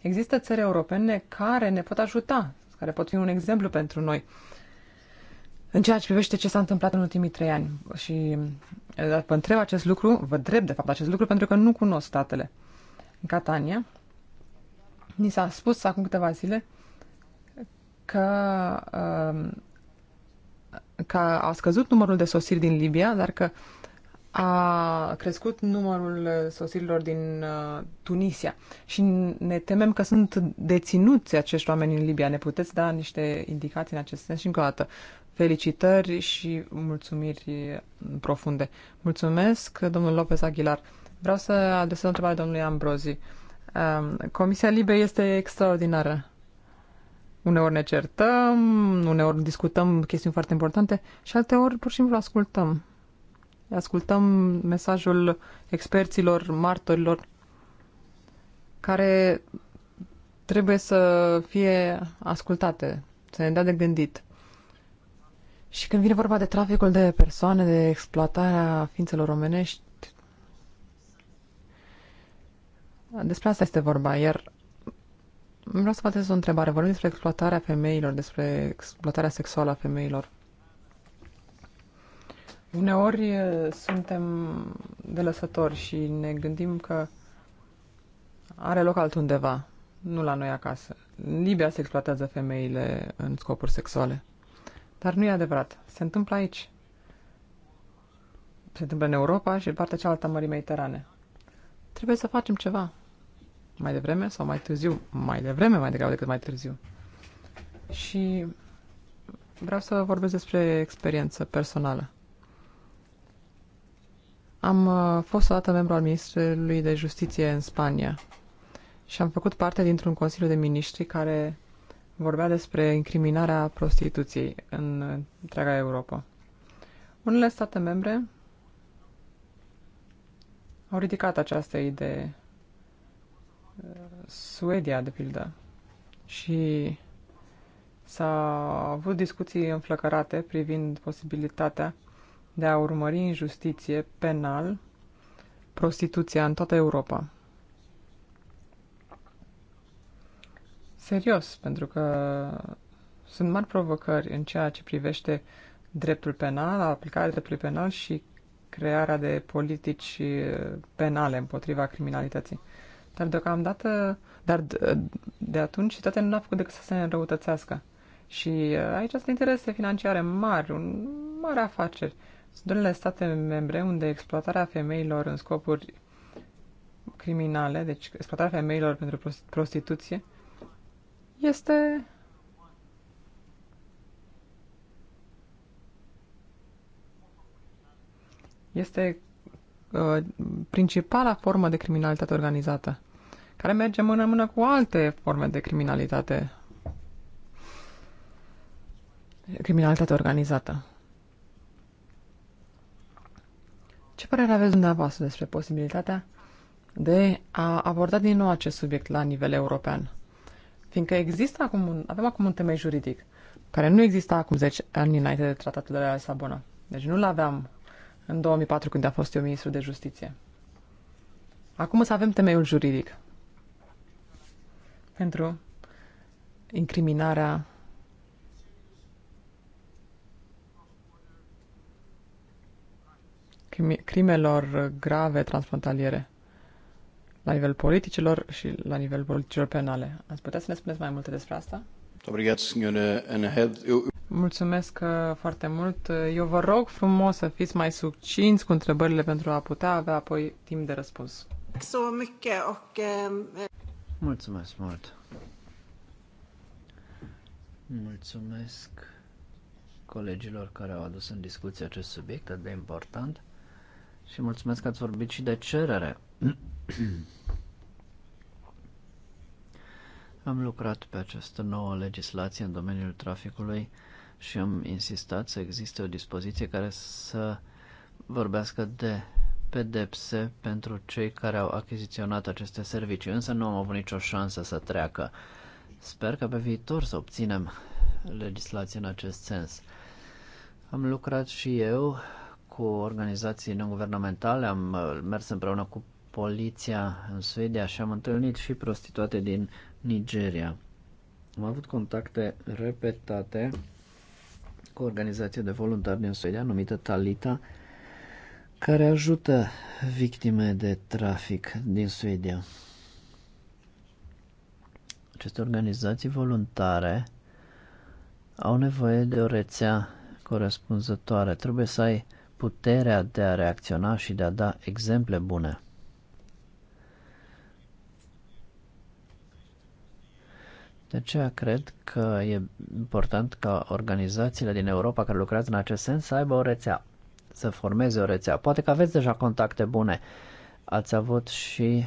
există țări europene care ne pot ajuta, care pot fi un exemplu pentru noi. În ceea ce privește ce s-a întâmplat în ultimii trei ani și eh, vă întreb acest lucru, vă întreb de fapt acest lucru pentru că nu cunosc statele. În Catania, ni s-a spus acum câteva zile că, ehm, că a scăzut numărul de sosiri din Libia, dar că a crescut numărul eh, sosirilor din eh, Tunisia și ne temem că sunt deținuți acești oameni în Libia. Ne puteți da niște indicații în acest sens și încă o dată felicitări și mulțumiri profunde. Mulțumesc, domnul Lopez Aguilar. Vreau să adresez o întrebare domnului Ambrozi. Comisia Libe este extraordinară. Uneori ne certăm, uneori discutăm chestiuni foarte importante și alteori pur și simplu ascultăm. Ascultăm mesajul experților, martorilor, care trebuie să fie ascultate, să ne dea de gândit. Și când vine vorba de traficul de persoane, de exploatarea ființelor omenești, despre asta este vorba. Iar vreau să vă o întrebare. Vorbim despre exploatarea femeilor, despre exploatarea sexuală a femeilor. Uneori eh, suntem lăsători și ne gândim că are loc altundeva, nu la noi acasă. În Libia se exploatează femeile în scopuri sexuale. Dar nu e adevărat. Se întâmplă aici. Se întâmplă în Europa și în partea cealaltă a Mării Mediterane. Trebuie să facem ceva. Mai devreme sau mai târziu? Mai devreme, mai degrabă decât mai târziu. Și vreau să vorbesc despre experiență personală. Am uh, fost o dată membru al Ministrului de Justiție în Spania și am făcut parte dintr-un Consiliu de Miniștri care vorbea despre incriminarea prostituției în întreaga Europa. Unele state membre au ridicat această idee. Suedia, de pildă. Și s-a avut discuții înflăcărate privind posibilitatea de a urmări în justiție penal prostituția în toată Europa. serios, pentru că sunt mari provocări în ceea ce privește dreptul penal, aplicarea dreptului penal și crearea de politici penale împotriva criminalității. Dar deocamdată, dar de atunci situația nu a făcut decât să se înrăutățească. Și uh, aici sunt interese financiare mari, un mare afaceri. Sunt unele state membre unde exploatarea femeilor în scopuri criminale, deci exploatarea femeilor pentru prostituție, este este uh, principala formă de criminalitate organizată, care merge mână în mână cu alte forme de criminalitate criminalitate organizată. Ce părere aveți dumneavoastră despre posibilitatea de a aborda din nou acest subiect la nivel european? Fiindcă există acum un, avem acum un temei juridic care nu exista acum 10 ani înainte de tratatul de la Lisabona. Deci nu-l aveam în 2004 când a fost eu ministru de justiție. Acum să avem temeiul juridic pentru incriminarea crimelor grave transfrontaliere la nivel politicilor și la nivel politicilor penale. Ați putea să ne spuneți mai multe despre asta? Mulțumesc uh, foarte mult. Uh, eu vă rog frumos să fiți mai succinți cu întrebările pentru a putea avea apoi timp de răspuns. Um, mulțumesc mult. Mulțumesc colegilor care au adus în discuție acest subiect atât de important și mulțumesc că ați vorbit și de cerere. Am lucrat pe această nouă legislație în domeniul traficului și am insistat să existe o dispoziție care să vorbească de pedepse pentru cei care au achiziționat aceste servicii, însă nu am avut nicio șansă să treacă. Sper că pe viitor să obținem legislație în acest sens. Am lucrat și eu cu organizații non-guvernamentale, am mers împreună cu poliția în Suedia și am întâlnit și prostituate din Nigeria. Am avut contacte repetate cu o organizație de voluntari din Suedia numită Talita, care ajută victime de trafic din Suedia. Aceste organizații voluntare au nevoie de o rețea corespunzătoare. Trebuie să ai puterea de a reacționa și de a da exemple bune. De aceea cred că e important ca organizațiile din Europa care lucrează în acest sens să aibă o rețea, să formeze o rețea. Poate că aveți deja contacte bune. Ați avut și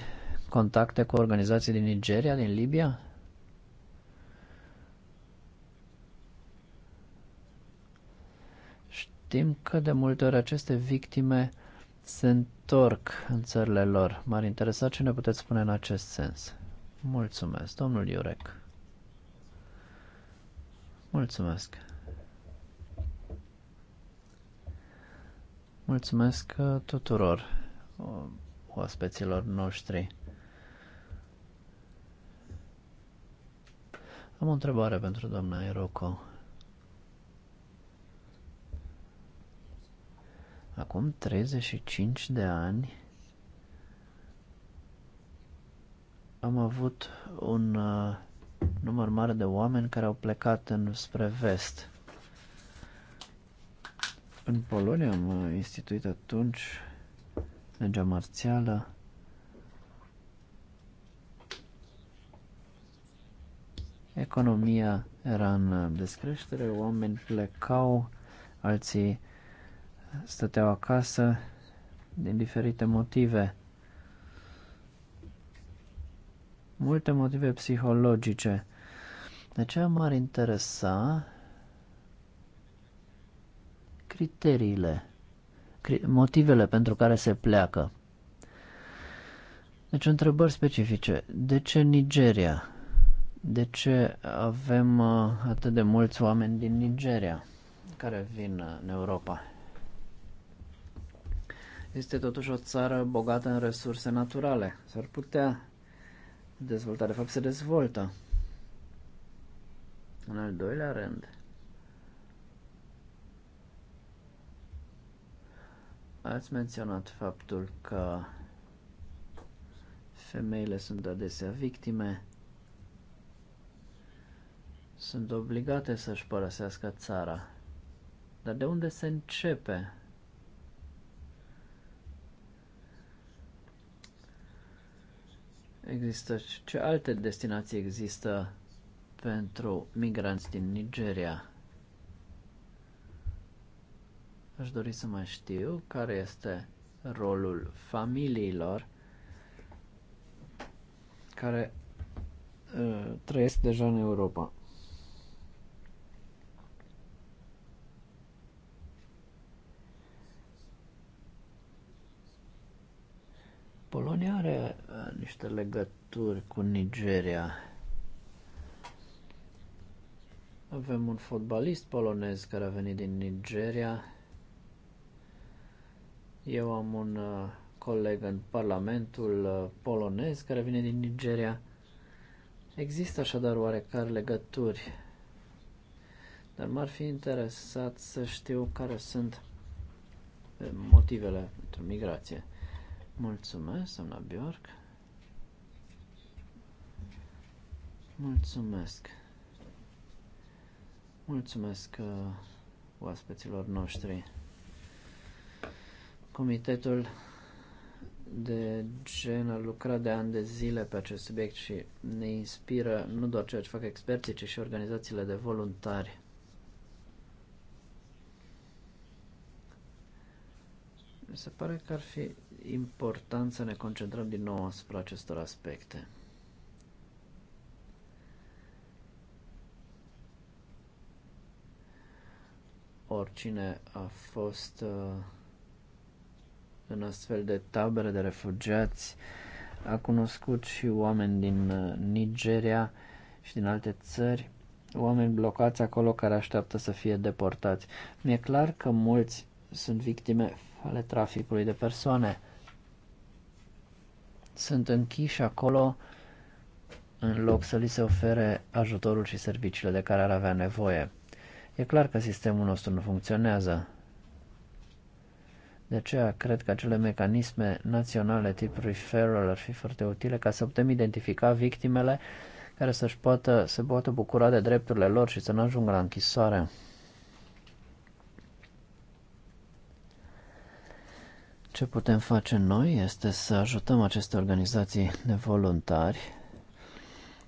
contacte cu organizații din Nigeria, din Libia? Știm că de multe ori aceste victime se întorc în țările lor. M-ar interesa ce ne puteți spune în acest sens. Mulțumesc, domnul Iurec. Mulțumesc. Mulțumesc uh, tuturor uh, oaspeților noștri. Am o întrebare pentru doamna Iroco. Acum 35 de ani am avut un uh, număr mare de oameni care au plecat în, spre vest. În Polonia am uh, instituit atunci legea marțială. Economia era în uh, descreștere, oameni plecau, alții stăteau acasă din diferite motive. multe motive psihologice. De ce m-ar interesa criteriile, motivele pentru care se pleacă. Deci întrebări specifice. De ce Nigeria? De ce avem uh, atât de mulți oameni din Nigeria care vin uh, în Europa? Este totuși o țară bogată în resurse naturale. S-ar putea dezvolta, de fapt se dezvoltă. În al doilea rând, ați menționat faptul că femeile sunt adesea victime, sunt obligate să-și părăsească țara. Dar de unde se începe există ce alte destinații există pentru migranți din Nigeria? Aș dori să mai știu care este rolul familiilor care uh, trăiesc deja în Europa. Polonia are uh, niște legături cu Nigeria. Avem un fotbalist polonez care a venit din Nigeria. Eu am un uh, coleg în Parlamentul uh, polonez care vine din Nigeria. Există așadar oarecare legături, dar m-ar fi interesat să știu care sunt uh, motivele pentru migrație. Mulțumesc, doamna Bjork. Mulțumesc. Mulțumesc uh, oaspeților noștri. Comitetul de gen a lucrat de ani de zile pe acest subiect și ne inspiră nu doar ceea ce fac experții, ci și organizațiile de voluntari. Mi se pare că ar fi important să ne concentrăm din nou asupra acestor aspecte. Oricine a fost uh, în astfel de tabere de refugiați a cunoscut și oameni din uh, Nigeria și din alte țări, oameni blocați acolo care așteaptă să fie deportați. Mi-e clar că mulți sunt victime ale traficului de persoane sunt închiși acolo în loc să li se ofere ajutorul și serviciile de care ar avea nevoie. E clar că sistemul nostru nu funcționează. De aceea cred că acele mecanisme naționale tip referral ar fi foarte utile ca să putem identifica victimele care să-și poată, să poată bucura de drepturile lor și să nu ajungă la închisoare. Ce putem face noi este să ajutăm aceste organizații de voluntari,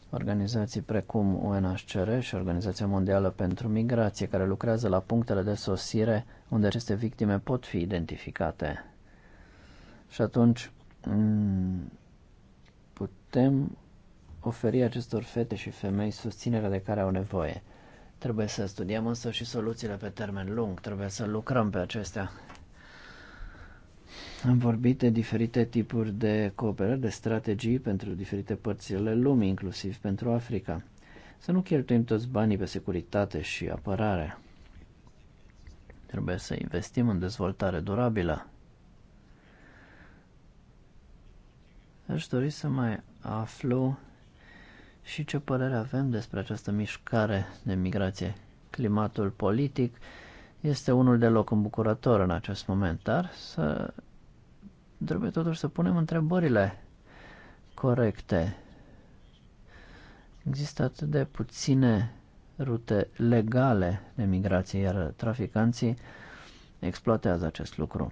organizații precum UNHCR și Organizația Mondială pentru Migrație, care lucrează la punctele de sosire unde aceste victime pot fi identificate. Și atunci mm, putem oferi acestor fete și femei susținerea de care au nevoie. Trebuie să studiem însă și soluțiile pe termen lung, trebuie să lucrăm pe acestea. Am vorbit de diferite tipuri de cooperări, de strategii pentru diferite părțile lumii, inclusiv pentru Africa. Să nu cheltuim toți banii pe securitate și apărare. Trebuie să investim în dezvoltare durabilă. Aș dori să mai aflu și ce părere avem despre această mișcare de migrație. Climatul politic este unul deloc îmbucurător în acest moment, dar să Trebuie totuși să punem întrebările corecte. Există atât de puține rute legale de migrație, iar traficanții exploatează acest lucru.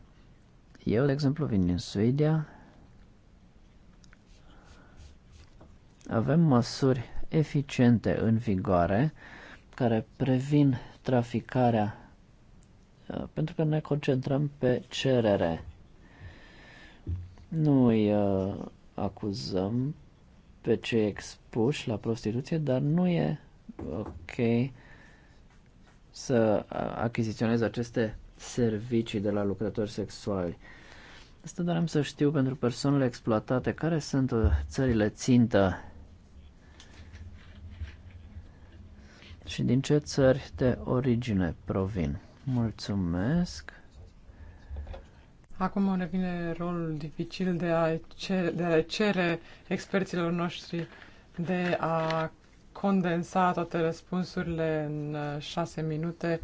Eu, de exemplu, vin din Suedia. Avem măsuri eficiente în vigoare care previn traficarea uh, pentru că ne concentrăm pe cerere. Nu îi uh, acuzăm pe cei expuși la prostituție, dar nu e ok să achiziționez aceste servicii de la lucrători sexuali. Asta doream să știu pentru persoanele exploatate, care sunt uh, țările țintă și din ce țări de origine provin. Mulțumesc! Acum îmi revine rolul dificil de a, cere, de a cere experților noștri de a condensa toate răspunsurile în uh, șase minute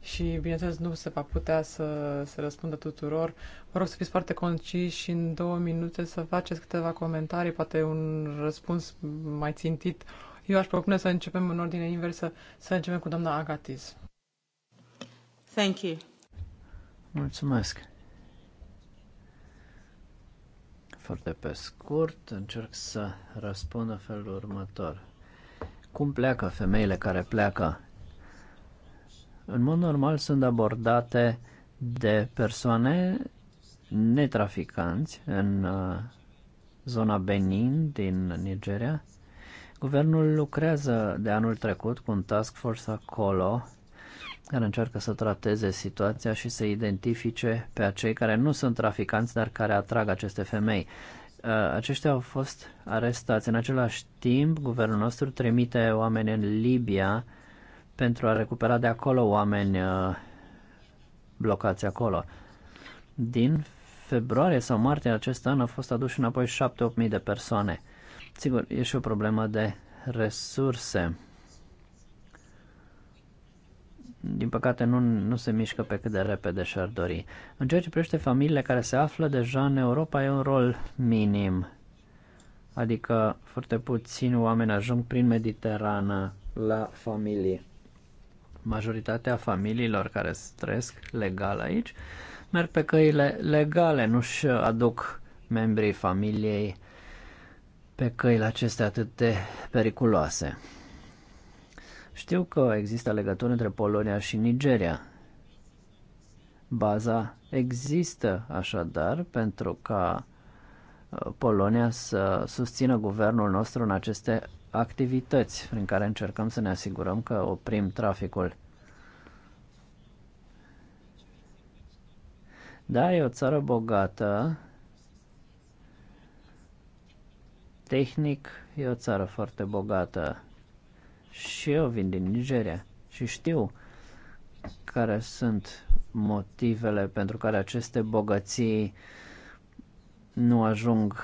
și, bineînțeles, nu se va putea să se răspundă tuturor. Vă rog să fiți foarte conciși și în două minute să faceți câteva comentarii, poate un răspuns mai țintit. Eu aș propune să începem în ordine inversă, să începem cu doamna Agatiz. Thank you. Mulțumesc. Foarte pe scurt, încerc să răspund în felul următor. Cum pleacă femeile care pleacă? În mod normal sunt abordate de persoane netraficanți în uh, zona Benin din Nigeria. Guvernul lucrează de anul trecut cu un task force acolo care încearcă să trateze situația și să identifice pe acei care nu sunt traficanți, dar care atrag aceste femei. Uh, aceștia au fost arestați. În același timp, guvernul nostru trimite oameni în Libia pentru a recupera de acolo oameni uh, blocați acolo. Din februarie sau martie acest an au fost aduși înapoi 7-8 mii de persoane. Sigur, e și o problemă de resurse din păcate, nu, nu se mișcă pe cât de repede și-ar dori. În ceea ce privește familiile care se află deja în Europa, e un rol minim. Adică foarte puțini oameni ajung prin Mediterană la familii. Majoritatea familiilor care trăiesc legal aici merg pe căile legale, nu-și aduc membrii familiei pe căile acestea atât de periculoase. Știu că există legături între Polonia și Nigeria. Baza există așadar pentru ca uh, Polonia să susțină guvernul nostru în aceste activități prin care încercăm să ne asigurăm că oprim traficul. Da, e o țară bogată. Tehnic e o țară foarte bogată. Și eu vin din Nigeria și știu care sunt motivele pentru care aceste bogății nu ajung,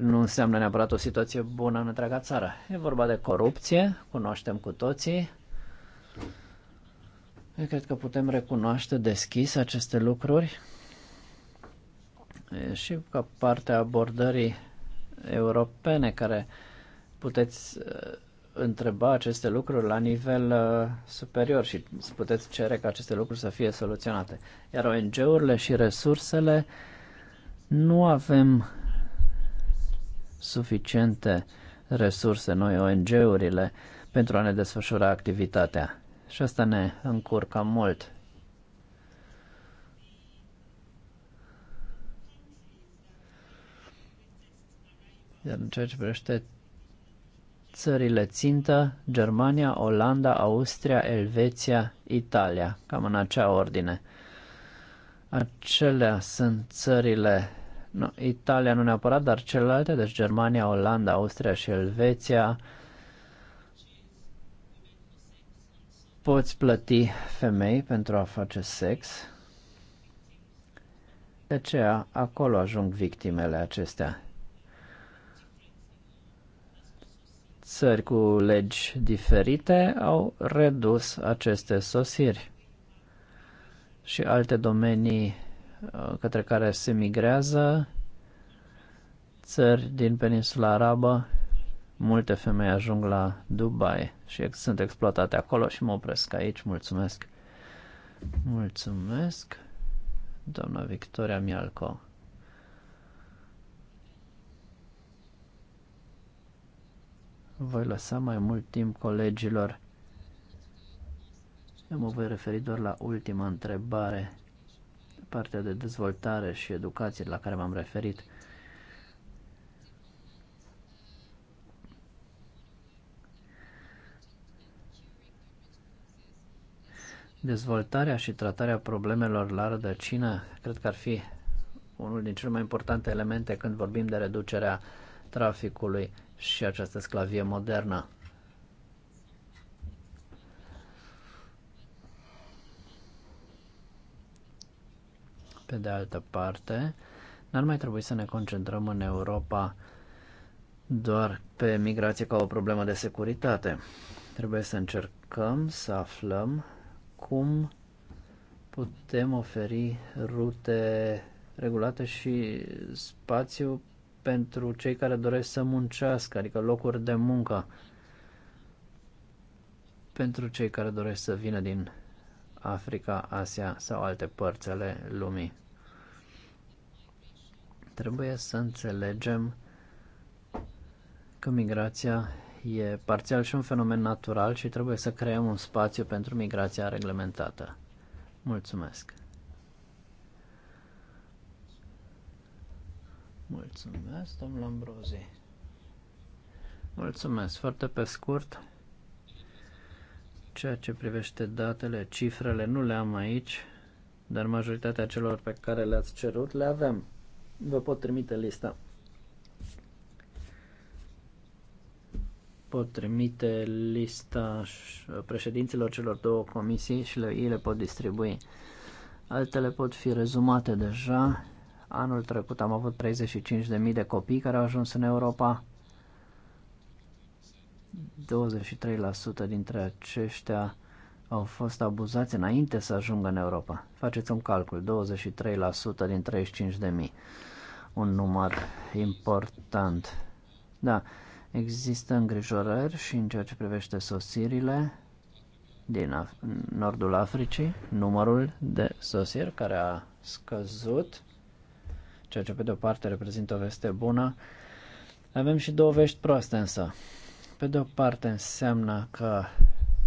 nu înseamnă neapărat o situație bună în întreaga țară. E vorba de corupție, cunoaștem cu toții. Eu cred că putem recunoaște deschis aceste lucruri și ca parte a abordării europene care puteți întreba aceste lucruri la nivel uh, superior și puteți cere ca aceste lucruri să fie soluționate. Iar ONG-urile și resursele nu avem suficiente resurse noi, ONG-urile, pentru a ne desfășura activitatea. Și asta ne încurcă mult. Iar în ceea ce privește țările țintă, Germania, Olanda, Austria, Elveția, Italia, cam în acea ordine. Acelea sunt țările, nu, Italia nu neapărat, dar celelalte, deci Germania, Olanda, Austria și Elveția, poți plăti femei pentru a face sex. De aceea, acolo ajung victimele acestea. țări cu legi diferite au redus aceste sosiri și alte domenii uh, către care se migrează, țări din peninsula arabă, multe femei ajung la Dubai și sunt exploatate acolo și mă opresc aici. Mulțumesc! Mulțumesc, doamna Victoria Mialco. Voi lăsa mai mult timp colegilor. Eu mă voi referi doar la ultima întrebare, partea de dezvoltare și educație la care m-am referit. Dezvoltarea și tratarea problemelor la rădăcină cred că ar fi unul din cele mai importante elemente când vorbim de reducerea uh, traficului și această sclavie modernă. Pe de altă parte, n-ar mai trebui să ne concentrăm în Europa doar pe migrație ca o problemă de securitate. Trebuie să încercăm să aflăm cum putem oferi rute regulate și spațiu pentru cei care doresc să muncească, adică locuri de muncă pentru cei care doresc să vină din Africa, Asia sau alte părți ale lumii. Trebuie să înțelegem că migrația e parțial și un fenomen natural și trebuie să creăm un spațiu pentru migrația reglementată. Mulțumesc! Mulțumesc, domnul Ambrozi. Mulțumesc. Foarte pe scurt, ceea ce privește datele, cifrele, nu le am aici, dar majoritatea celor pe care le-ați cerut le avem. Vă pot trimite lista. Pot trimite lista președinților celor două comisii și le, ei le pot distribui. Altele pot fi rezumate deja Anul trecut am avut 35.000 de copii care au ajuns în Europa. 23% dintre aceștia au fost abuzați înainte să ajungă în Europa. Faceți un calcul, 23% din 35.000. Un număr important. Da, există îngrijorări și în ceea ce privește sosirile din Af- nordul Africii, numărul de sosiri care a scăzut ceea ce pe de-o parte reprezintă o veste bună. Avem și două vești proaste însă. Pe de-o parte înseamnă că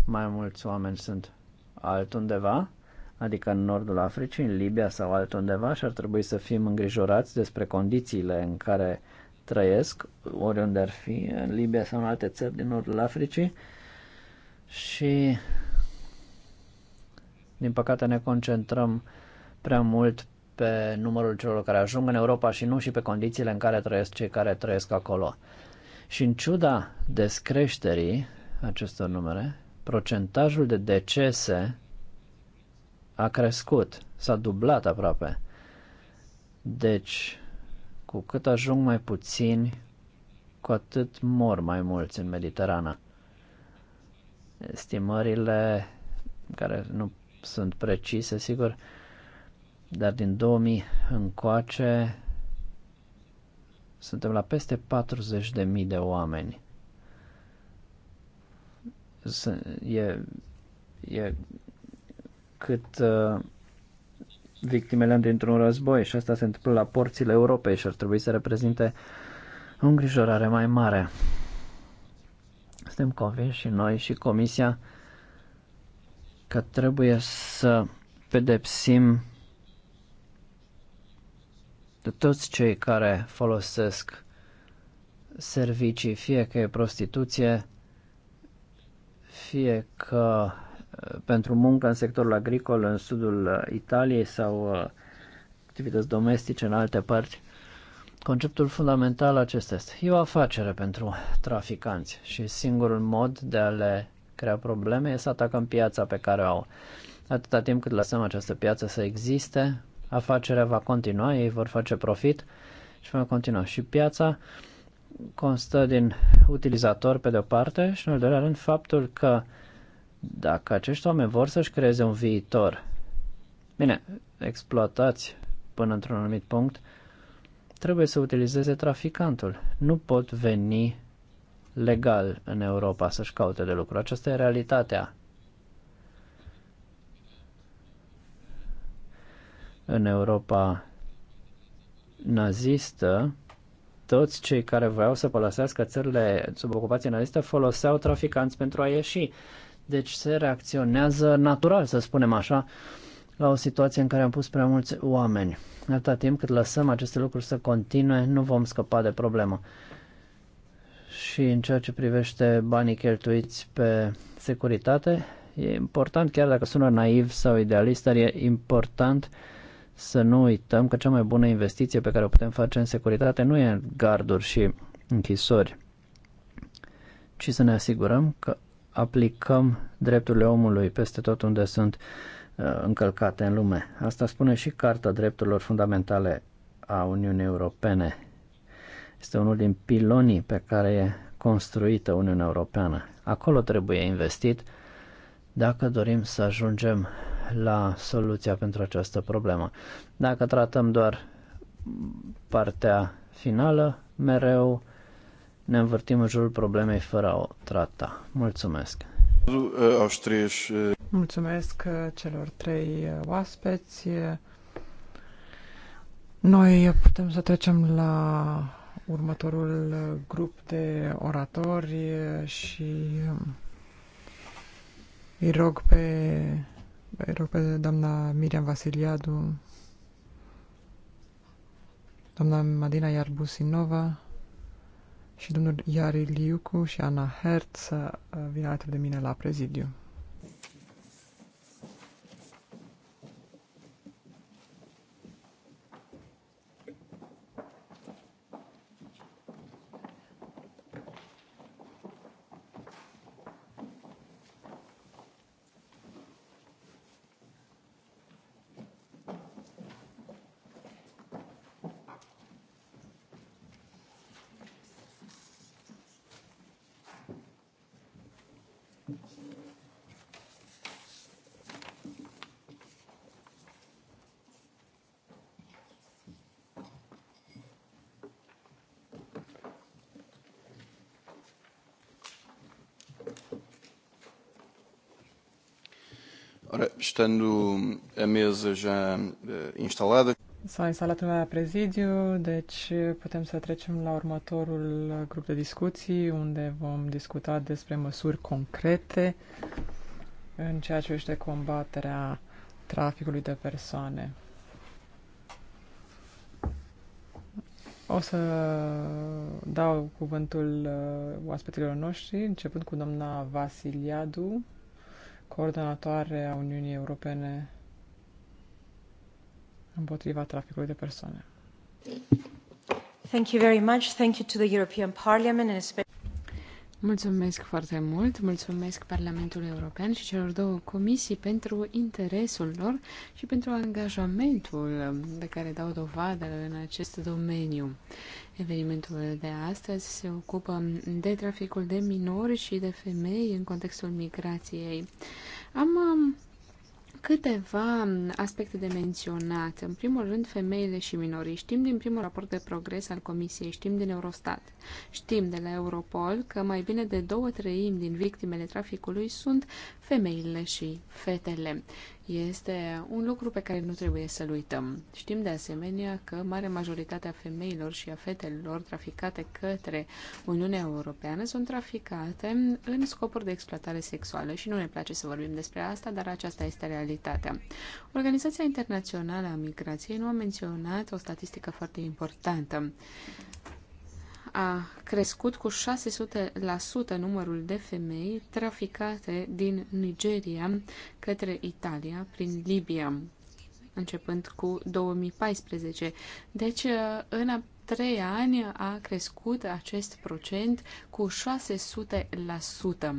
mai mulți oameni sunt altundeva, adică în nordul Africii, în Libia sau altundeva și ar trebui să fim îngrijorați despre condițiile în care trăiesc, oriunde ar fi, în Libia sau în alte țări din nordul Africii și din păcate ne concentrăm prea mult pe numărul celor care ajung în Europa și nu și pe condițiile în care trăiesc cei care trăiesc acolo. Și în ciuda descreșterii acestor numere, procentajul de decese a crescut, s-a dublat aproape. Deci, cu cât ajung mai puțini, cu atât mor mai mulți în Mediterana. Estimările care nu sunt precise, sigur, dar din 2000 încoace suntem la peste 40.000 de oameni. E, e cât uh, victimele dintr-un război și asta se întâmplă la porțile Europei și ar trebui să reprezinte o îngrijorare mai mare. Suntem convinși și noi și Comisia că trebuie să pedepsim de toți cei care folosesc servicii, fie că e prostituție, fie că uh, pentru muncă în sectorul agricol în sudul uh, Italiei sau uh, activități domestice în alte părți. Conceptul fundamental acesta este. E o afacere pentru traficanți și singurul mod de a le crea probleme este să atacăm piața pe care o au. Atâta timp cât lăsăm această piață să existe, afacerea va continua, ei vor face profit și va continua. Și piața constă din utilizator pe de-o parte și în al doilea rând faptul că dacă acești oameni vor să-și creeze un viitor, bine, exploatați până într-un anumit punct, trebuie să utilizeze traficantul. Nu pot veni legal în Europa să-și caute de lucru. Aceasta e realitatea. În Europa nazistă, toți cei care voiau să folosească țările sub ocupație nazistă foloseau traficanți pentru a ieși. Deci se reacționează natural, să spunem așa, la o situație în care am pus prea mulți oameni. Atâta timp cât lăsăm aceste lucruri să continue, nu vom scăpa de problemă. Și în ceea ce privește banii cheltuiți pe securitate, e important, chiar dacă sună naiv sau idealist, dar e important uh, să nu uităm că cea mai bună investiție pe care o putem face în securitate nu e în garduri și închisori, ci să ne asigurăm că aplicăm drepturile omului peste tot unde sunt uh, încălcate în lume. Asta spune și Carta Drepturilor Fundamentale a Uniunii Europene. Este unul din pilonii pe care e construită Uniunea Europeană. Acolo trebuie investit dacă dorim să ajungem la soluția pentru această problemă. Dacă tratăm doar partea finală, mereu ne învârtim în jurul problemei fără a o trata. Mulțumesc! Mulțumesc celor trei oaspeți. Noi putem să trecem la următorul grup de oratori și îi rog pe rog pe doamna Miriam Vasiliadu, doamna Madina Iarbusinova și domnul Iari Liucu și Ana Hertz să uh, vină alături de mine la prezidiu. estando a mesa já eh, instalada. S-a instalat la prezidiu, deci putem să trecem la următorul grup de discuții, unde vom discuta despre măsuri concrete în ceea ce este combaterea traficului de persoane. O să dau cuvântul eh, oaspetelor noștri, începând cu doamna Vasiliadu, coordonatoare a Uniunii Europene împotriva traficului de persoane. Thank you very much. Thank you to the European Parliament and especially Mulțumesc foarte mult, mulțumesc Parlamentului European și celor două comisii pentru interesul lor și pentru angajamentul de care dau dovadă în acest domeniu. Evenimentul de astăzi se ocupă de traficul de minori și de femei în contextul migrației. Am Câteva aspecte de menționat. În primul rând, femeile și minorii. Știm din primul raport de progres al Comisiei, știm din Eurostat, știm de la Europol că mai bine de două treimi din victimele traficului sunt femeile și fetele. Este un lucru pe care nu trebuie să-l uităm. Știm de asemenea că mare majoritatea femeilor și a fetelor traficate către Uniunea Europeană sunt traficate în scopuri de exploatare sexuală și nu ne place să vorbim despre asta, dar aceasta este realitatea. Organizația Internațională a Migrației nu a menționat o statistică foarte importantă a crescut cu 600% numărul de femei traficate din Nigeria către Italia prin Libia începând cu 2014. Deci, în trei ani a crescut acest procent cu 600%.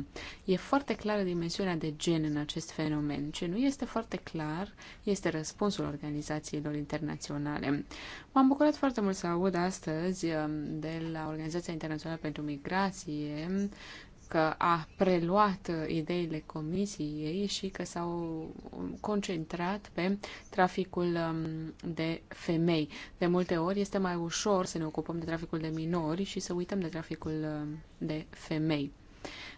E foarte clară dimensiunea de gen în acest fenomen. Ce nu este foarte clar este răspunsul organizațiilor internaționale. M-am bucurat foarte mult să aud astăzi um, de la Organizația Internațională pentru Migrație că a preluat ideile comisiei și că s-au concentrat pe traficul um, de femei. De multe ori este mai ușor să ne ocupăm de traficul de minori și să uităm de traficul um, de femei.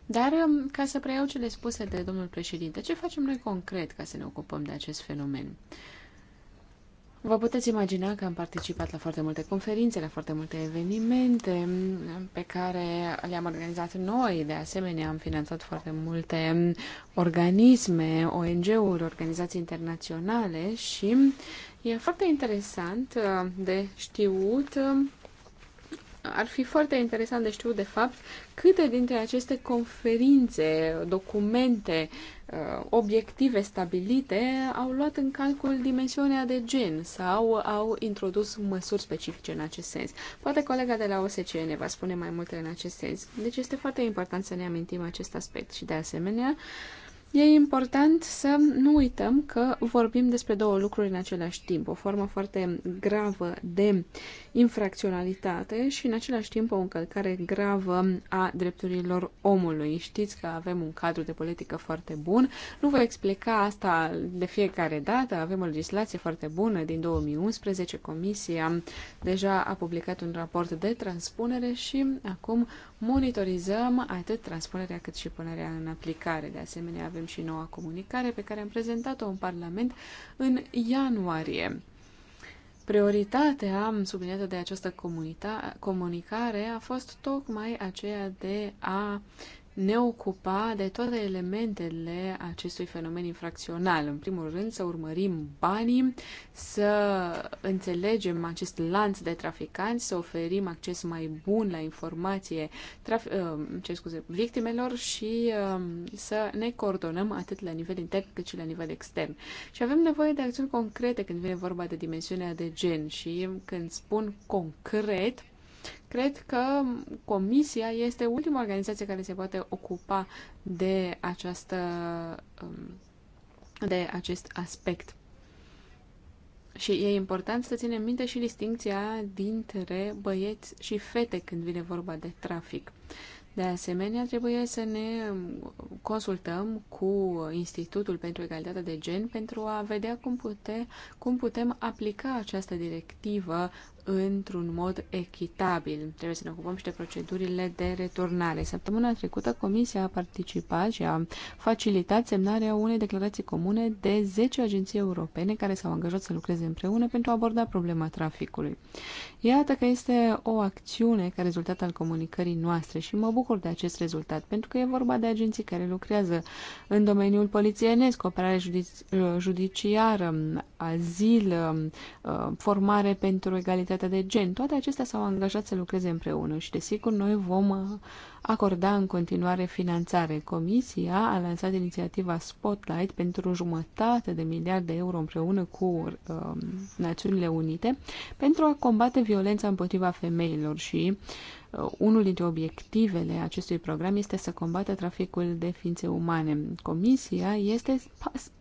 Dar, um, ca să preiau cele spuse de domnul președinte, ce facem noi concret ca să ne ocupăm de acest fenomen? Uh, Vă puteți imagina că am participat la foarte multe conferințe, la foarte multe evenimente pe care le-am organizat noi. De asemenea, am finanțat foarte multe organisme, ONG-uri, organizații internaționale și e foarte interesant de știut ar fi foarte interesant de știut, de fapt, câte dintre aceste conferințe, documente, uh, obiective stabilite au luat în calcul dimensiunea de gen sau au introdus măsuri specifice în acest sens. Poate colega de la OSCE ne va spune mai multe în acest sens. Deci este foarte important să ne amintim acest aspect și, de asemenea, E important să nu uităm că vorbim despre două lucruri în același timp. O formă foarte gravă de infracționalitate și în același timp o încălcare gravă a drepturilor omului. Știți că avem un cadru de politică foarte bun. Nu vă explica asta de fiecare dată. Avem o legislație foarte bună din 2011. Comisia deja a publicat un raport de transpunere și acum monitorizăm atât transpunerea cât și punerea în aplicare. De asemenea, avem avem și noua comunicare pe care am prezentat-o în Parlament în ianuarie. Prioritatea subliniată de această comunicare a fost tocmai aceea de a ne ocupa de toate elementele acestui fenomen infracțional. În primul rând, să urmărim banii, să înțelegem acest lanț de traficanți, să oferim acces mai bun la informație uh, ce scuze, victimelor și um, să ne coordonăm atât la nivel intern cât și la nivel extern. Și avem nevoie de acțiuni concrete când vine vorba de dimensiunea de gen și când spun concret, Cred că Comisia este ultima organizație care se poate ocupa de, această, um, de acest aspect. Și e important să ținem minte și distinția dintre băieți și fete când vine vorba de trafic. De asemenea, trebuie să ne consultăm cu Institutul pentru Egalitatea de Gen pentru a vedea cum, pute, cum putem aplica această directivă într-un mod echitabil. Trebuie să ne ocupăm și de procedurile de returnare. Săptămâna trecută, Comisia a participat și a facilitat semnarea unei declarații comune de 10 agenții europene care s-au angajat să lucreze împreună pentru a aborda problema traficului. Iată că este o acțiune ca rezultat al comunicării noastre și mă bucur de acest rezultat, pentru că e vorba de agenții care lucrează în domeniul polițienesc, cooperare judici- judiciară, azil, uh, formare pentru egalitate egalitatea de gen. Toate acestea s-au angajat să lucreze împreună și, desigur, noi vom uh, acorda în continuare finanțare. Comisia a lansat inițiativa Spotlight pentru jumătate de miliard de euro împreună cu uh, Națiunile Unite pentru a combate violența împotriva femeilor și uh, Uh, unul dintre obiectivele acestui program este să combată traficul de ființe umane. Comisia este,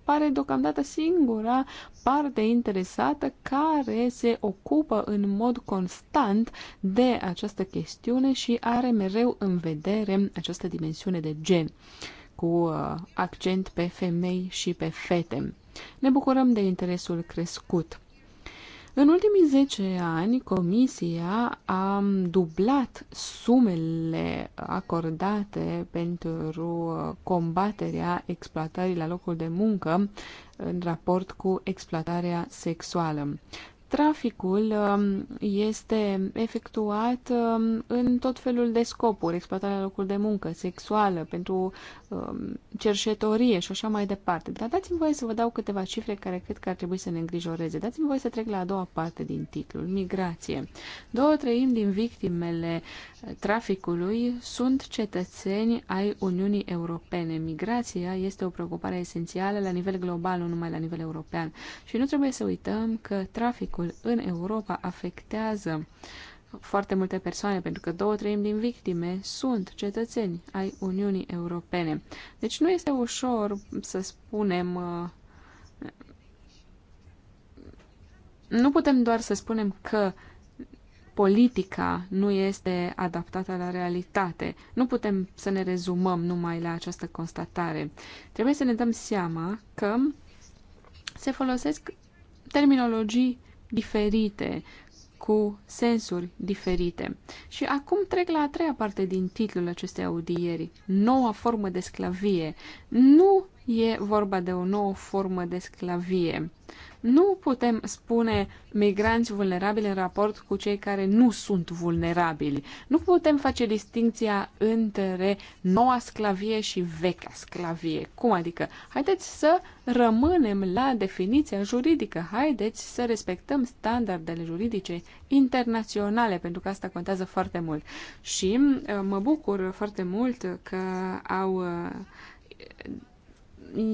pare deocamdată, singura parte interesată care se ocupă în mod constant de această chestiune și are mereu în vedere această dimensiune de gen cu uh, accent pe femei și pe fete. Ne bucurăm de interesul crescut. În ultimii 10 ani, Comisia a dublat sumele acordate pentru uh, combaterea exploatării la locul de muncă în raport cu exploatarea sexuală. Traficul um, este efectuat um, în tot felul de scopuri, exploatarea locurilor de muncă, sexuală, pentru um, cerșetorie și așa mai departe. Dar dați-mi voie să vă dau câteva cifre care cred că ar trebui să ne îngrijoreze. Dați-mi voie să trec la a doua parte din titlul, migrație. Două treimi din victimele uh, traficului sunt cetățeni ai Uniunii Europene. Migrația este o preocupare esențială la nivel global, nu numai la nivel european. Și nu trebuie să uităm că traficul traficul în Europa afectează foarte multe persoane, pentru că două treimi din victime sunt cetățeni ai Uniunii Europene. Deci nu este ușor să spunem. Uh, nu putem doar să spunem că politica nu este adaptată la realitate. Nu putem să ne rezumăm numai la această constatare. Trebuie să ne dăm seama că se folosesc terminologii diferite, cu sensuri diferite. Și acum trec la a treia parte din titlul acestei audieri, noua formă de sclavie. Nu e vorba de o nouă formă de sclavie. Uh, nu putem spune migranți vulnerabili în raport cu cei care nu sunt vulnerabili. Nu putem face distinția între noua sclavie și vechea sclavie. Cum adică? Haideți să rămânem la definiția juridică. Haideți să respectăm standardele juridice internaționale, pentru că asta contează foarte mult. Și uh, mă bucur foarte mult că au uh,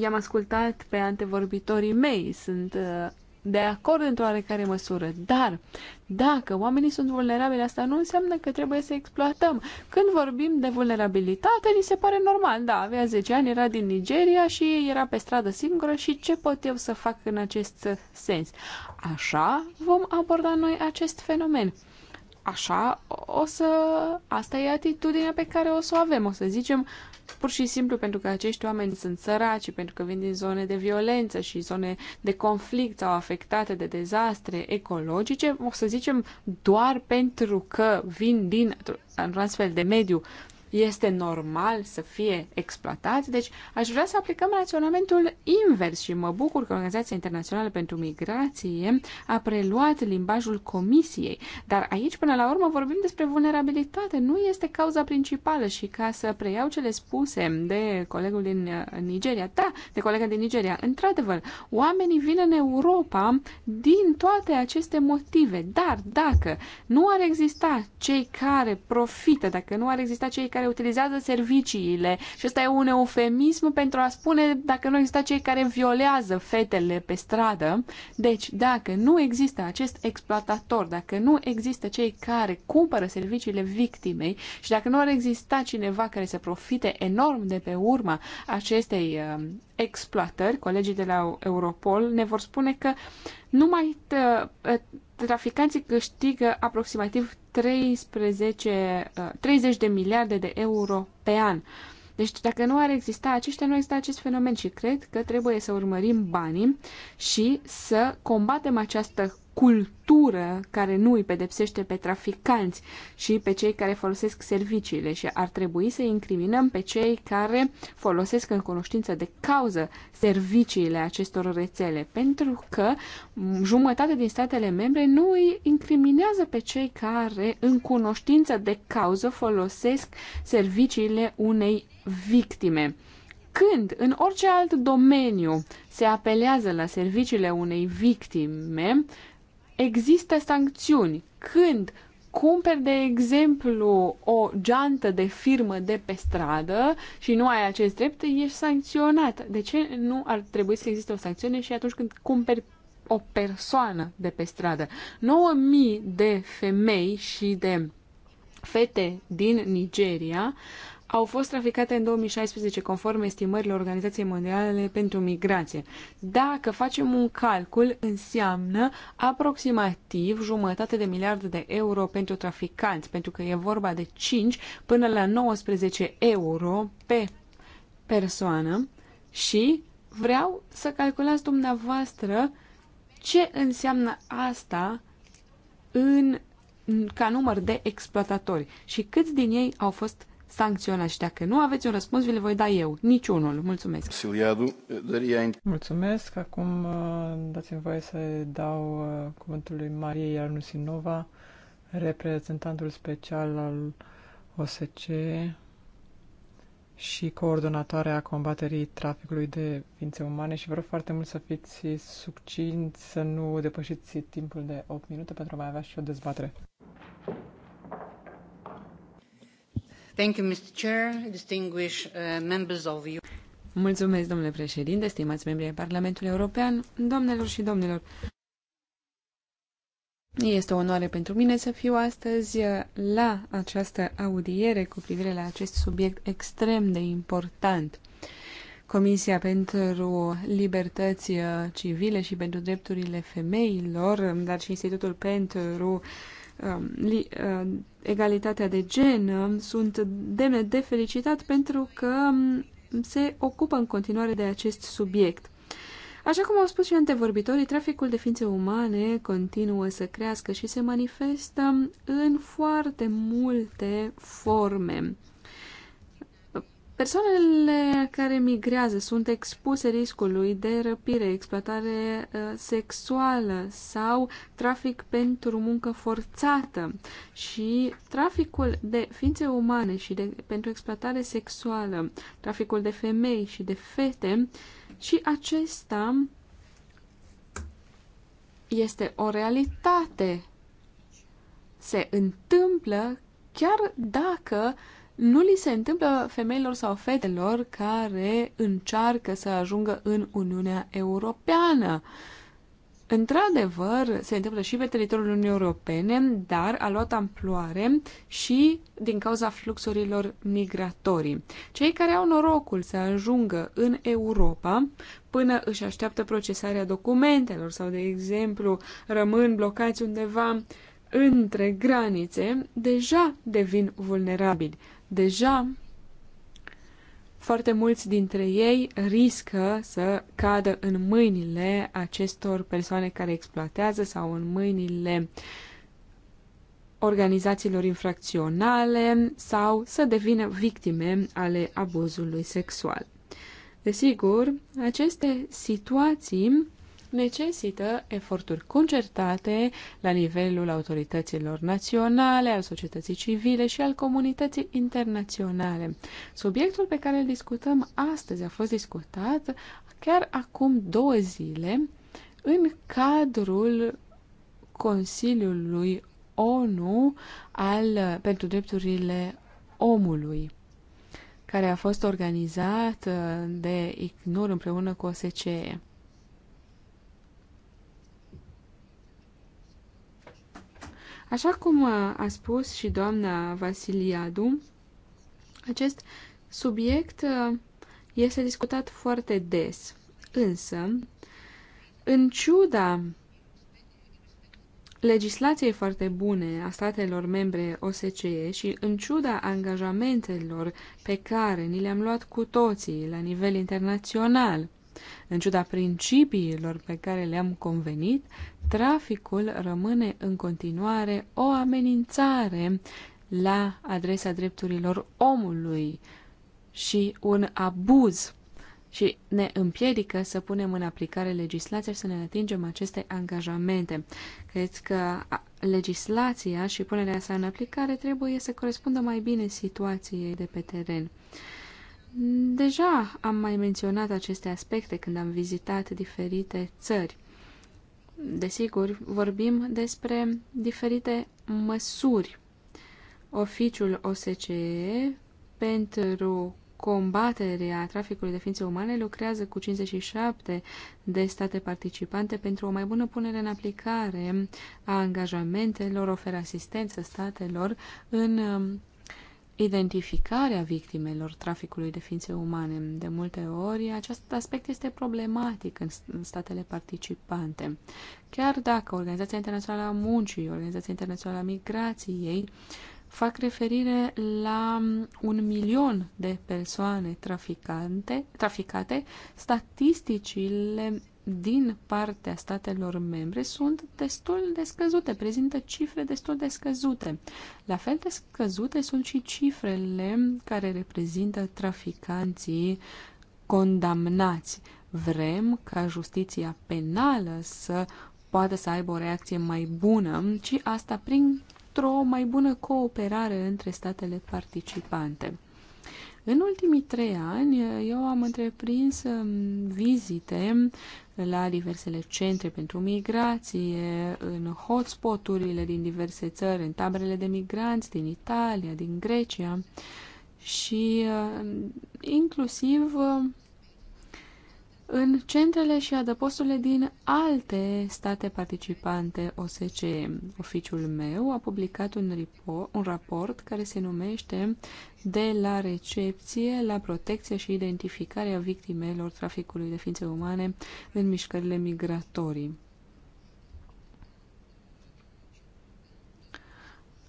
i-am ascultat pe antevorbitorii mei, sunt uh, de acord într-o oarecare măsură, dar dacă oamenii sunt vulnerabili, asta nu înseamnă că trebuie să exploatăm. Când vorbim de vulnerabilitate, ni se pare normal, da, avea 10 ani, era din Nigeria și era pe stradă singură și ce pot eu să fac în acest sens? Așa vom aborda noi acest fenomen așa o să... Asta e atitudinea pe care o să o avem. O să zicem, pur și simplu pentru că acești oameni sunt săraci, pentru că vin din zone de violență și zone de conflict sau afectate de dezastre ecologice, o să zicem doar pentru că vin din un astfel de mediu este normal să fie exploatați. Deci aș vrea să aplicăm raționamentul invers și mă bucur că Organizația Internațională pentru Migrație a preluat limbajul comisiei. Dar aici, până la urmă, vorbim despre vulnerabilitate. Nu este cauza principală și ca să preiau cele spuse de colegul din uh, Nigeria, da, de colega din Nigeria, într-adevăr, oamenii vin în Europa din toate aceste motive. Dar dacă nu ar exista cei care profită, dacă nu ar exista cei care care utilizează serviciile. Și ăsta e un eufemism pentru a spune dacă nu există cei care violează fetele pe stradă. Deci, dacă nu există acest exploatator, dacă nu există cei care cumpără serviciile victimei și dacă nu ar exista cineva care să profite enorm de pe urma acestei uh, exploatări, colegii de la Europol ne vor spune că numai traficanții câștigă aproximativ 13, 30 uh, de miliarde de euro pe an. Deci dacă nu ar exista aceștia, nu există acest fenomen și cred că trebuie să urmărim banii și să combatem această cultură care nu îi pedepsește pe traficanți și pe cei care folosesc serviciile și ar trebui să incriminăm pe cei care folosesc în cunoștință de cauză serviciile acestor rețele, pentru că jumătate din statele membre nu îi incriminează pe cei care în cunoștință de cauză folosesc serviciile unei victime când în orice alt domeniu se apelează la serviciile unei victime, există sancțiuni când cumperi, de exemplu, o geantă de firmă de pe stradă și nu ai acest drept, ești sancționat. De ce nu ar trebui să existe o sancțiune și atunci când cumperi o persoană de pe stradă? 9000 de femei și de fete din Nigeria au fost traficate în 2016 conform estimărilor Organizației Mondiale pentru Migrație. Dacă facem un calcul, înseamnă aproximativ jumătate de miliarde de euro pentru traficanți, pentru că e vorba de 5 până la 19 euro pe persoană și vreau să calculați dumneavoastră ce înseamnă asta în, ca număr de exploatatori și câți din ei au fost sancționați și dacă nu aveți un răspuns, vi le voi da eu. Niciunul. Mulțumesc. Eh, Mulțumesc. Acum eh, dați-mi voie să dau eh, cuvântul lui Marie Iarnusinova, reprezentantul special al OSCE și coordonatoarea combaterii traficului de ființe umane și vă rog foarte mult să fiți succinți, să nu depășiți timpul de 8 minute pentru a mai avea și o dezbatere. Uh, Mulțumesc, domnule președinte, stimați membri ai Parlamentului European, doamnelor și domnilor. Este o onoare pentru mine să fiu astăzi la această audiere cu privire la acest subiect extrem de important. Comisia pentru Libertăți uh, Civile și pentru Drepturile Femeilor, dar și Institutul pentru uh, Um, uh, egalitatea de gen um, sunt demne de felicitat pentru că um, se ocupă în continuare de acest subiect. Așa cum au spus și antevorbitorii, traficul de ființe umane continuă să crească și se manifestă în foarte multe forme. Persoanele care migrează sunt expuse riscului de răpire, exploatare uh, sexuală sau trafic pentru muncă forțată și traficul de ființe umane și de, pentru exploatare sexuală, traficul de femei și de fete și acesta este o realitate. Se întâmplă chiar dacă nu li se întâmplă femeilor sau fetelor care încearcă să ajungă în Uniunea Europeană. Într-adevăr, se întâmplă și pe teritoriul Uniunii Europene, dar a luat amploare și din cauza fluxurilor migratorii. Cei care au norocul să ajungă în Europa până își așteaptă procesarea documentelor sau, de exemplu, rămân blocați undeva între granițe, deja devin vulnerabili. Deja foarte mulți dintre ei riscă să cadă în mâinile acestor persoane care exploatează sau în mâinile organizațiilor infracționale sau să devină victime ale abuzului sexual. Desigur, aceste situații necesită eforturi concertate la nivelul autorităților naționale, al societății civile și al comunității internaționale. Subiectul pe care îl discutăm astăzi a fost discutat chiar acum două zile în cadrul Consiliului ONU al, pentru drepturile omului care a fost organizat uh, de ICNUR împreună cu OSCE. Așa cum a spus și doamna Vasiliadu, acest subiect este discutat foarte des. Însă, în ciuda legislației foarte bune a statelor membre OSCE și în ciuda angajamentelor pe care ni le-am luat cu toții la nivel internațional, în ciuda principiilor pe care le-am convenit, traficul rămâne în continuare o amenințare la adresa drepturilor omului și un abuz și ne împiedică să punem în aplicare legislația și să ne atingem aceste angajamente. Cred că legislația și punerea sa în aplicare trebuie să corespundă mai bine situației de pe teren. Deja am mai menționat aceste aspecte când am vizitat diferite țări. Desigur, vorbim despre diferite măsuri. Oficiul OSCE pentru combaterea traficului de ființe umane lucrează cu 57 de state participante pentru o mai bună punere în aplicare a angajamentelor, oferă asistență statelor în identificarea victimelor traficului de ființe umane. De multe ori, acest aspect este problematic în statele participante. Chiar dacă Organizația Internațională a Muncii, Organizația Internațională a Migrației fac referire la un milion de persoane traficante, traficate, statisticile din partea statelor membre sunt destul de scăzute, prezintă cifre destul de scăzute. La fel de scăzute sunt și cifrele care reprezintă traficanții condamnați. Vrem ca justiția penală să poată să aibă o reacție mai bună și asta prin o mai bună cooperare între statele participante. În ultimii trei ani eu am întreprins um, vizite la diversele centre pentru migrație, în hotspoturile din diverse țări, în taberele de migranți din Italia, din Grecia și uh, inclusiv uh, în centrele și adăposturile din alte state participante OSCE. Oficiul meu a publicat un, un raport care se numește De la recepție la protecție și identificarea victimelor traficului de ființe umane în mișcările migratorii.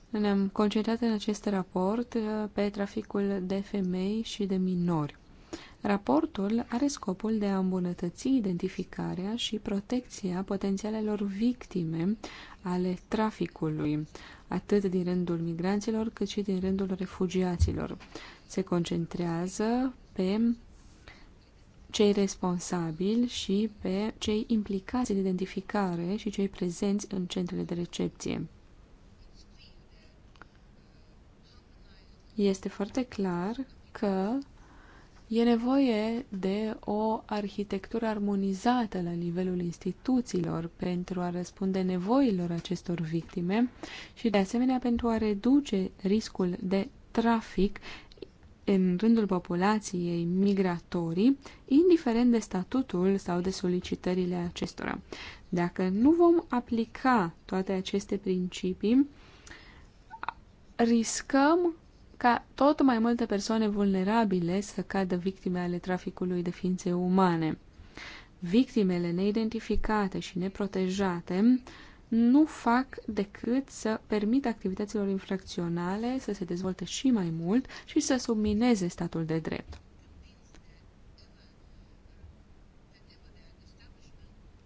Ne-am concentrat în acest raport uh, pe traficul de femei și de minori. Raportul are scopul de a îmbunătăți identificarea și protecția potențialelor victime ale traficului, atât din rândul migranților cât și din rândul refugiaților. Se concentrează pe cei responsabili și pe cei implicați în identificare și cei prezenți în centrele de recepție. Este foarte clar că E nevoie de o arhitectură armonizată la nivelul instituțiilor pentru a răspunde nevoilor acestor victime și, de asemenea, pentru a reduce riscul de trafic în rândul populației migratorii, indiferent de statutul sau de solicitările acestora. Dacă nu vom aplica toate aceste principii, riscăm ca tot mai multe persoane vulnerabile să cadă victime ale traficului de ființe umane. Victimele neidentificate și neprotejate nu fac decât să permită activităților infracționale să se dezvolte și mai mult și să submineze statul de drept.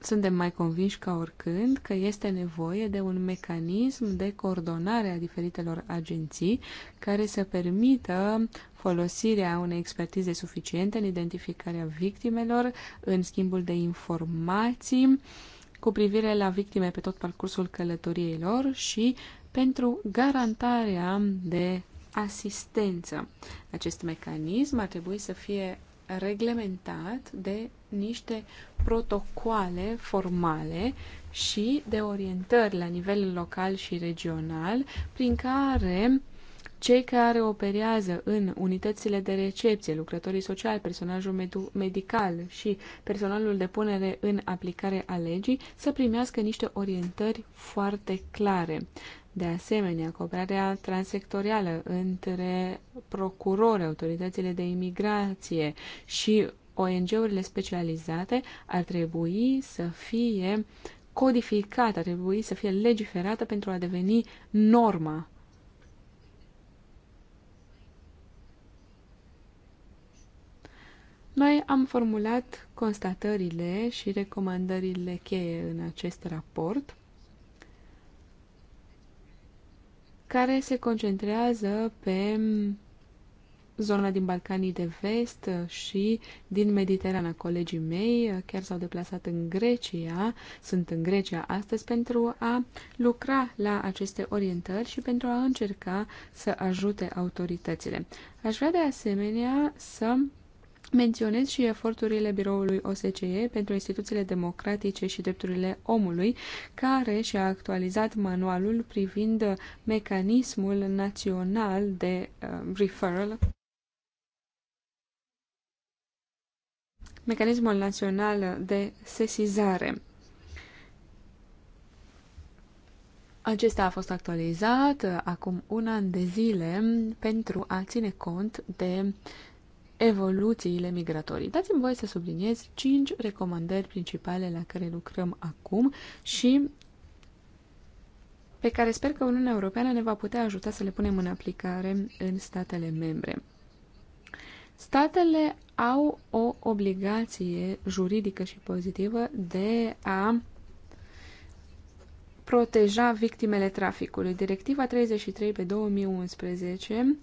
suntem mai convinși ca oricând că este nevoie de un mecanism de coordonare a diferitelor agenții care să permită folosirea unei expertize suficiente în identificarea victimelor, în schimbul de informații cu privire la victime pe tot parcursul călătoriei lor și pentru garantarea de asistență. Acest mecanism ar trebui să fie reglementat de niște protocoale formale și de orientări la nivel local și regional, prin care cei care operează în unitățile de recepție, lucrătorii sociali, personajul medical și personalul de punere în aplicare a legii să primească niște orientări foarte clare. De asemenea, cooperarea transsectorială între procurori, autoritățile de imigrație și ONG-urile specializate ar trebui să fie codificată, ar trebui să fie legiferată pentru a deveni norma. Noi am formulat constatările și recomandările cheie în acest raport, care se concentrează pe zona din Balcanii de Vest și din Mediterana. Colegii mei chiar s-au deplasat în Grecia, sunt în Grecia astăzi pentru a lucra la aceste orientări și pentru a încerca să ajute autoritățile. Aș vrea de asemenea să Menționez și eforturile biroului OSCE pentru instituțiile democratice și drepturile omului, care și-a actualizat manualul privind mecanismul național de uh, referral mecanismul național de sesizare. Acesta a fost actualizat acum un an de zile pentru a ține cont de evoluțiile migratorii. Dați-mi voie să subliniez cinci recomandări principale la care lucrăm acum și pe care sper că Uniunea Europeană ne va putea ajuta să le punem în aplicare în statele membre statele au o obligație juridică și pozitivă de a proteja victimele traficului. Directiva 33 pe 2011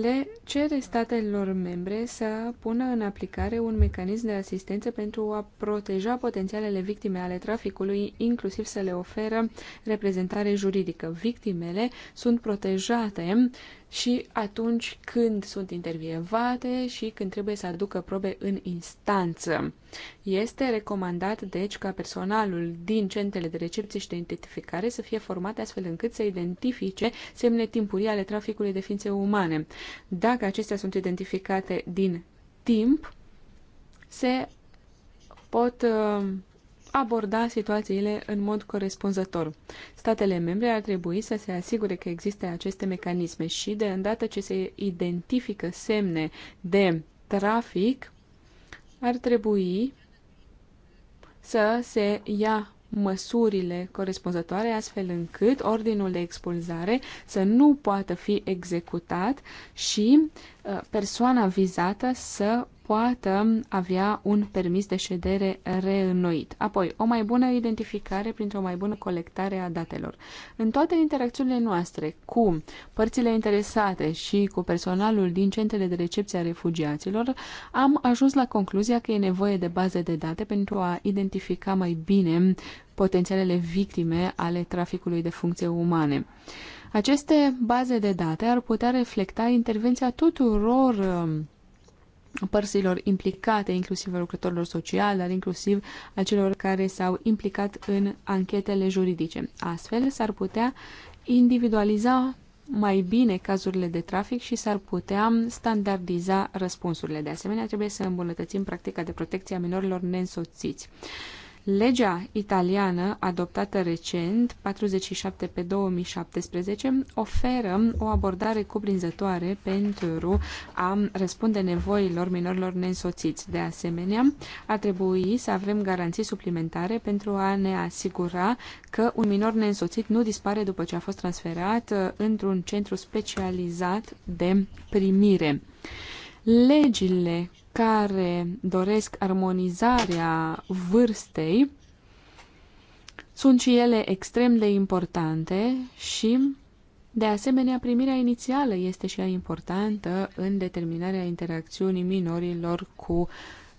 le cere statelor membre să pună în aplicare un mecanism de asistență pentru a proteja potențialele victime ale traficului, inclusiv să le oferă reprezentare juridică. Victimele sunt protejate și atunci când sunt intervievate și când trebuie să aducă probe în instanță. Este recomandat, deci, ca personalul din centrele de recepție și de identificare să fie format astfel încât să identifice semne timpurii ale traficului de ființe umane. Dacă acestea sunt identificate din timp, se pot uh, aborda situațiile în mod corespunzător. Statele membre ar trebui să se asigure că există aceste mecanisme și de îndată ce se identifică semne de trafic, ar trebui să se ia măsurile corespunzătoare astfel încât ordinul de expulzare să nu poată fi executat și persoana vizată să poată avea un permis de ședere reînnoit. Apoi, o mai bună identificare printr-o mai bună colectare a datelor. În toate interacțiunile noastre cu părțile interesate și cu personalul din centrele de recepție a refugiaților, am ajuns la concluzia că e nevoie de baze de date pentru a identifica mai bine potențialele victime ale traficului de funcție umane. Aceste baze de date ar putea reflecta intervenția tuturor um, părților implicate, inclusiv a lucrătorilor sociali, dar inclusiv a celor care s-au implicat în anchetele juridice. Astfel, s-ar putea individualiza mai bine cazurile de trafic și s-ar putea standardiza răspunsurile. De asemenea, trebuie să îmbunătățim practica de protecție a minorilor neînsoțiți. Legea italiană, adoptată recent, 47 pe 2017, oferă o abordare cuprinzătoare pentru a răspunde nevoilor minorilor neînsoțiți. De asemenea, ar trebui să avem garanții suplimentare pentru a ne asigura că un minor neînsoțit nu dispare după ce a fost transferat uh, într-un centru specializat de primire. Legile care doresc armonizarea vârstei sunt și ele extrem de importante și, de asemenea, primirea inițială este și ea importantă în determinarea interacțiunii minorilor cu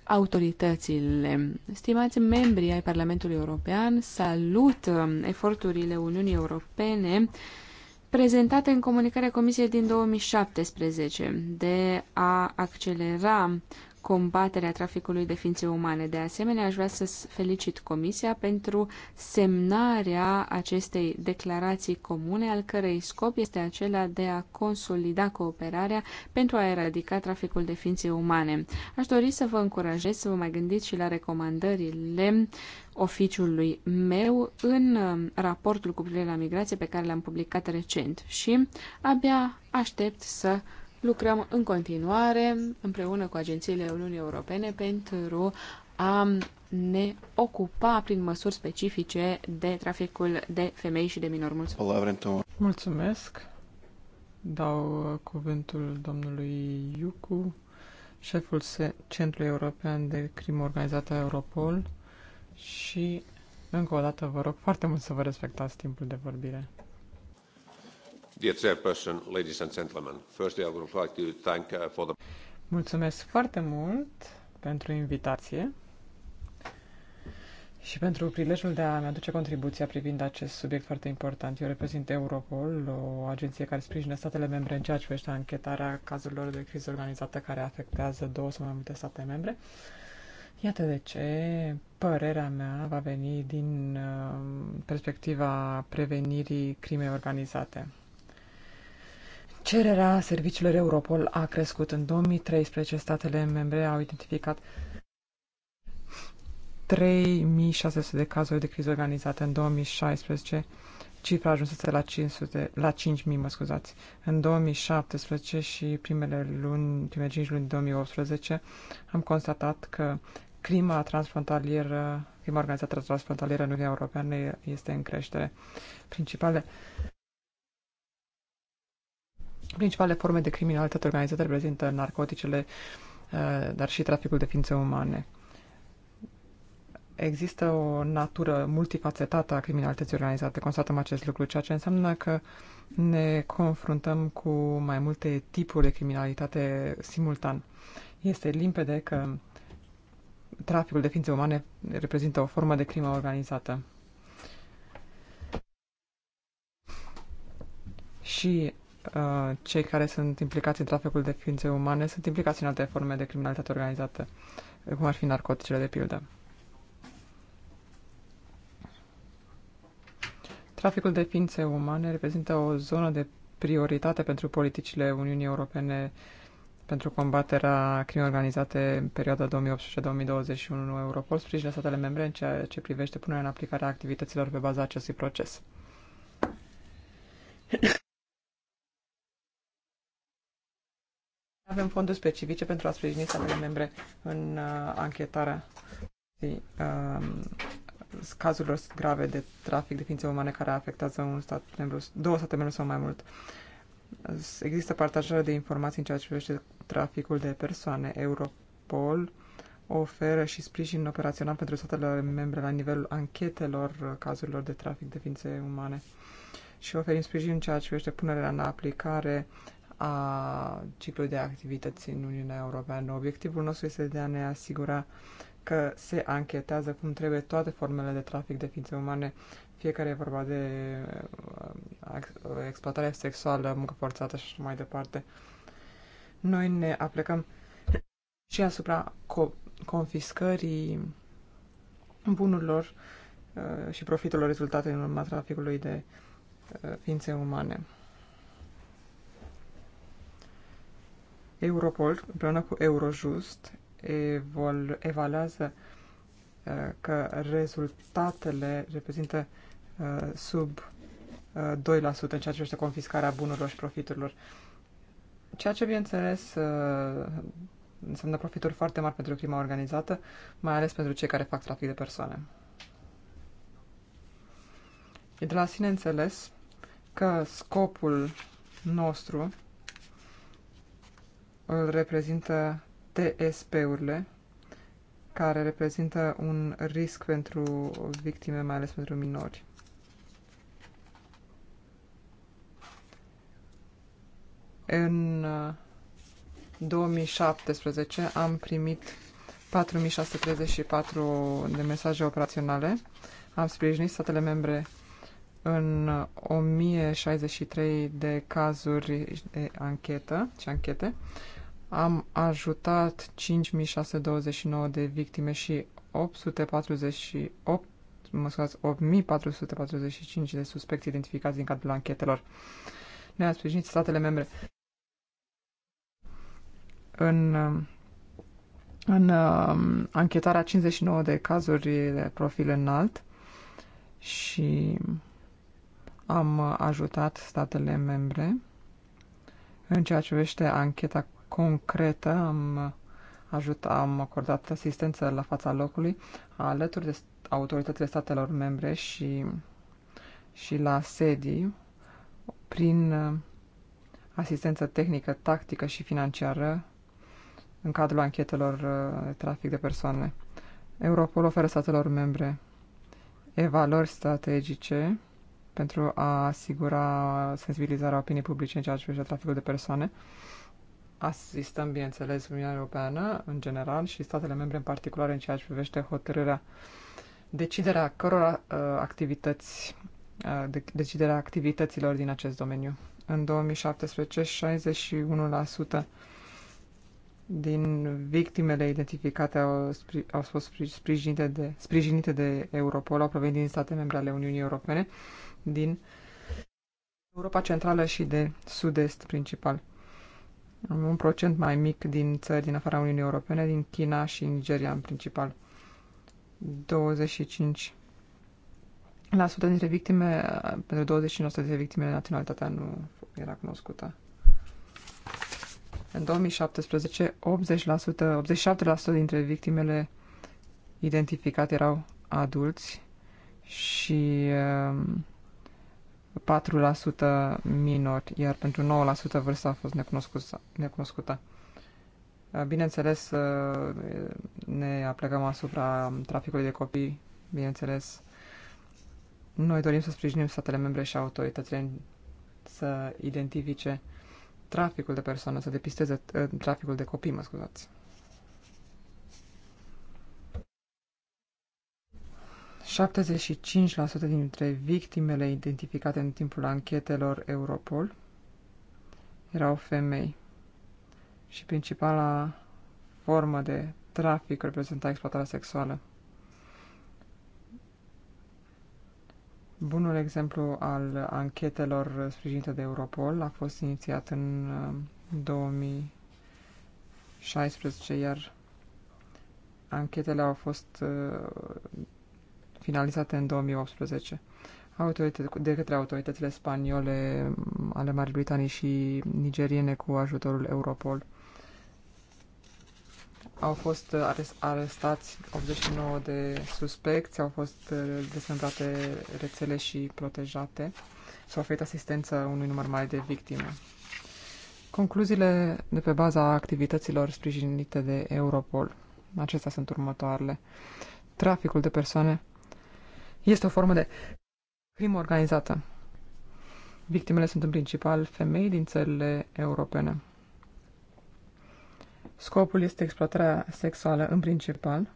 autoritățile. Stimați membri ai Parlamentului European, salut eforturile Uniunii Europene prezentate în comunicarea Comisiei din 2017 de a accelera combaterea traficului de ființe umane. De asemenea, aș vrea să felicit Comisia pentru semnarea acestei declarații comune, al cărei scop este acela de a consolida cooperarea pentru a eradica traficul de ființe umane. Aș dori să vă încurajez să vă mai gândiți și la recomandările oficiului meu în um, raportul cu privire la migrație pe care l-am publicat recent și abia aștept să Lucrăm în continuare împreună cu agențiile Uniunii Europene pentru a ne ocupa prin măsuri specifice de traficul de femei și de minori. Mulțumesc! Mulțumesc. Dau uh, cuvântul domnului Iucu, șeful Centrului European de Crimă Organizată Europol și încă o dată vă rog foarte mult să vă respectați timpul de vorbire. Uh, Mulțumesc foarte mult pentru invitație și pentru prilejul de a-mi aduce contribuția privind acest subiect foarte important. Eu reprezint Europol, o agenție care sprijină statele membre în ceea ce privește anchetarea cazurilor de criză organizată care afectează două sau mai multe state membre. Iată de ce părerea mea va veni din uh, perspectiva prevenirii crimei organizate. Cererea serviciilor Europol a crescut. În 2013, statele membre au identificat 3600 de cazuri de criză organizată în 2016, cifra ajunsese la 500, la 5000, mă scuzați. În 2017 și primele luni, primele 5 luni 2018 am constatat că crima transfrontalieră, crima organizată transfrontalieră în Uniunea Europeană este în creștere. Principale Principale forme de criminalitate organizată reprezintă narcoticele, uh, dar și traficul de ființe umane. Există o natură multifacetată a criminalității organizate, constatăm acest lucru, ceea ce înseamnă că ne confruntăm cu mai multe tipuri de criminalitate simultan. Este limpede că traficul de ființe umane reprezintă o formă de crimă organizată. Și Uh, cei care sunt implicați în traficul de ființe umane sunt implicați în alte forme de criminalitate organizată, cum ar fi narcoticele de pildă. Traficul de ființe umane reprezintă o zonă de prioritate pentru politicile Uniunii Europene pentru combaterea crimei organizate în perioada 2018-2021 Europol sprijină statele membre în ceea ce privește punerea în aplicare a activităților pe baza acestui proces. Avem fonduri specifice pentru a sprijini statele membre în uh, anchetarea uh, cazurilor grave de trafic de ființe umane care afectează un stat membru, două state membre sau mai mult. Există partajare de informații în ceea ce privește traficul de persoane. Europol oferă și sprijin operațional pentru statele membre la nivelul anchetelor cazurilor de trafic de ființe umane și oferim sprijin în ceea ce privește punerea în aplicare a ciclului de activități în Uniunea Europeană. Obiectivul nostru este de a ne asigura că se anchetează cum trebuie toate formele de trafic de ființe umane, fie că e vorba de uh, exploatare sexuală, muncă forțată și așa mai departe. Noi ne aplicăm și asupra co- confiscării bunurilor uh, și profitelor rezultate în urma traficului de uh, ființe umane. Europol, împreună cu Eurojust, evaluează uh, că rezultatele reprezintă uh, sub 2% uh, în ceea ce privește confiscarea bunurilor și profiturilor. Ceea ce, bineînțeles, înseamnă profituri foarte mari pentru crima organizată, mai ales pentru cei care fac trafic de persoane. E de la sine înțeles că scopul nostru îl reprezintă TSP-urile, care reprezintă un risc pentru victime, mai ales pentru minori. În 2017 uh, am primit 4634 de mesaje operaționale. Am sprijinit statele membre în 1063 uh, de cazuri de anchetă și anchete am ajutat 5629 de victime și 848, mă scuzați, 8445 de suspecți identificați din cadrul anchetelor. Ne-a sprijinit statele membre în, în um, anchetarea 59 de cazuri de profil înalt și am ajutat statele membre în ceea ce privește ancheta concretă. Am, ajutat am acordat asistență la fața locului alături de autoritățile statelor membre și, și la sedii prin uh, asistență tehnică, tactică și financiară în cadrul anchetelor uh, de trafic de persoane. Europol oferă statelor membre evaluări strategice pentru a asigura sensibilizarea opiniei publice în ceea ce privește traficul de persoane Asistăm, bineînțeles, Uniunea Europeană în general și statele membre în particular în ceea ce privește hotărârea deciderea cărora uh, activități, uh, de, deciderea activităților din acest domeniu. În 2017, 61% din victimele identificate au, au fost sprijinite de, sprijinite de Europol, au provenit din state membre ale Uniunii Europene, din Europa Centrală și de Sud-Est principal un procent mai mic din țări din afara Uniunii Europene, din China și Nigeria în principal. 25 la sută dintre victime, pentru 25% dintre victimele naționalitatea nu era cunoscută. În 2017, 80%, 87% dintre victimele identificate erau adulți și um, 4% minori, iar pentru 9% vârsta a fost necunoscută. Bineînțeles, ne aplegăm asupra traficului de copii, bineînțeles, noi dorim să sprijinim statele membre și autoritățile să identifice traficul de persoane, să depisteze traficul de copii, mă scuzați. 75% dintre victimele identificate în timpul anchetelor Europol erau femei și principala formă de trafic reprezenta exploatarea sexuală. Bunul exemplu al anchetelor sprijinite de Europol a fost inițiat în 2016, uh, iar anchetele au fost uh, finalizate în 2018 de către autoritățile spaniole ale Marii Britanii și nigeriene cu ajutorul Europol. Au fost arestați 89 de suspecți, au fost uh, desmembrate rețele și protejate. S-a oferit asistență unui număr mare de victime. Concluziile de pe baza activităților sprijinite de Europol. Acestea sunt următoarele. Traficul de persoane este o formă de crimă organizată. Victimele sunt în principal femei din țările europene. Scopul este exploatarea sexuală în principal,